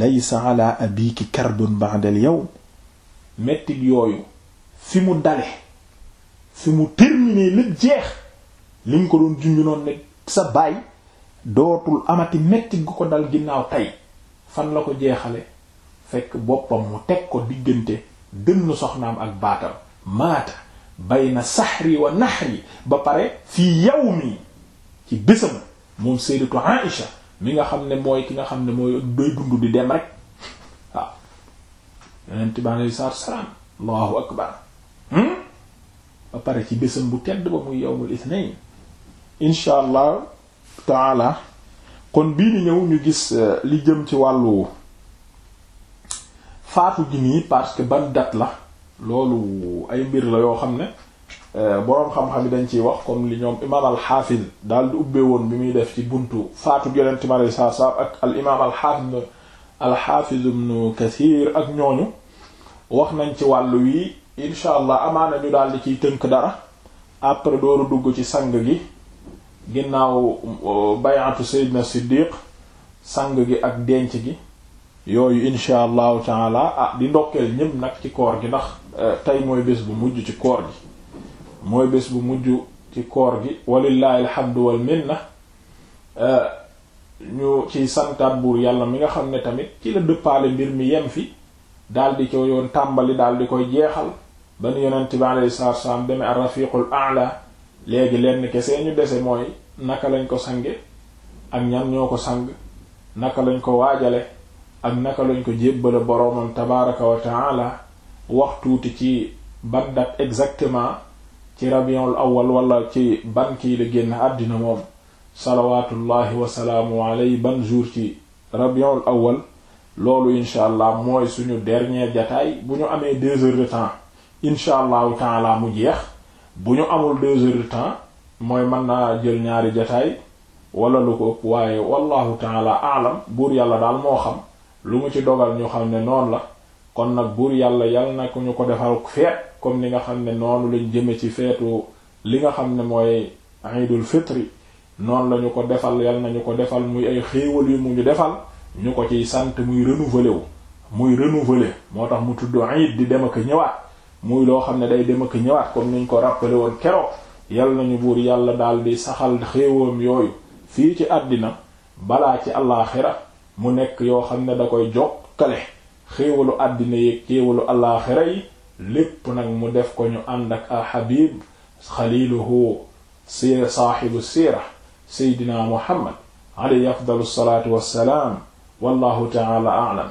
laysa ala abiki karbun al-yawm mettit yooyu fi mu dale fi mu terminé lépp jeex li mu ko doon junju ne sa baay dootul amati mettit gu ko dal ginnaaw tey fan la ko jeexale fekk boppam mu teg ko diggante dënn soxnaam ak baatam maata bayna saxri wa naxri ba pare fii yawmi ci bésam moom sayyidatu Aïsha mi nga xam ne mooy ki nga xam ne mooy doy dund di dem rek waaw yonent bi aleyhi salaatu wa salaam allahu akbar hmm? ba pare ci bésam bu tedd ba muy yawmul ithnain incha allah taala kon bii ni ñëw ñu gis euh, li jëm ci wàllu faatu gi nii parce que ban date la loolu ay mbir la yoo xam ne euh, boroom xam-xam yi dañ ciy wax kon li ñoom imaam alxaafid daal di ubbee woon bi muy def ci buntu faatu yonent mi alei saatu ak al imaam alxaafid alxaafid ibnu ak ñooñu wax nañ ci wàllu wi incha allah amaana ñu daal di ciy tënk dara après dooru dugg ci sang gi ginnaaw euh, bay'atu Seydina Siddiq sang gi ak denc gi yooyu incha allahu taala ah di ndokkeel ñépp nag ci koor gi ndax euh, tey mooy bés bu mujj ci koor gi mooy bés bu mujj ci koor gi walillahi alhamdu wal minna euh, ñu ci santaat buur yàlla mi nga xam ne tamit ci la dëppaale mbir mi yem fi daldi ko yoon tàmbali di koy jeexal ban yonent bi alayhi salaatu salaam demee ar rafiqul a'la léegi lenn kese ñu dese mooy naka lañ ko sange ak ñan ñoo ko sang naka lañ ko waajale ak naka lañ ko jébbale boroomam tabaaraka wa ta'ala wax tuuti ci ban date exactement ci rabiul awwal wala ci ban kii la génn àddina moom salawaatullahi wasalaamu alayhi ban jour ci rabiul awwal loolu incha allah mooy suñu dernier jataay bu ñu amee deux heures de temps incha allahu taala mu jeex bu ñu amul temps mooy mën naa jël ñaari jataay wala lu ko ëpp waaye wallahu taala alam buur yàlla daal moo xam lu mu ci dogal ñu xam ne noonu la kon nag buur yàlla yal na ñu ko defal feet comme ni nga xam ne noonu lañ jëme ci feetu li nga xam ne mooy iidul fitri noonu lañu ko defal yal nañu ko defal muy ay xéewal yu mu ñu defal ñu ko ciy sant muy renouveler wu muy renouveler moo tax mu tudd iid di dem ak ñëwaat muy loo xam ne day dem ak ñëwaat comme niñ ko rappelé woon keroog yal nañu buur yàlla daal di saxal xéewam yooyu fii ci àddina balaa ci allaaxira mu nekk yoo xam ne da koy jokkale xéewalu àddina yi xéewalu allaaxira yi lépp nag mu def ko ñu ànd ak alxabib xaliluhu sira saaxibu sira seydina muhammad alayhi afdalu salaatu wassalaam wallahu taala a'lam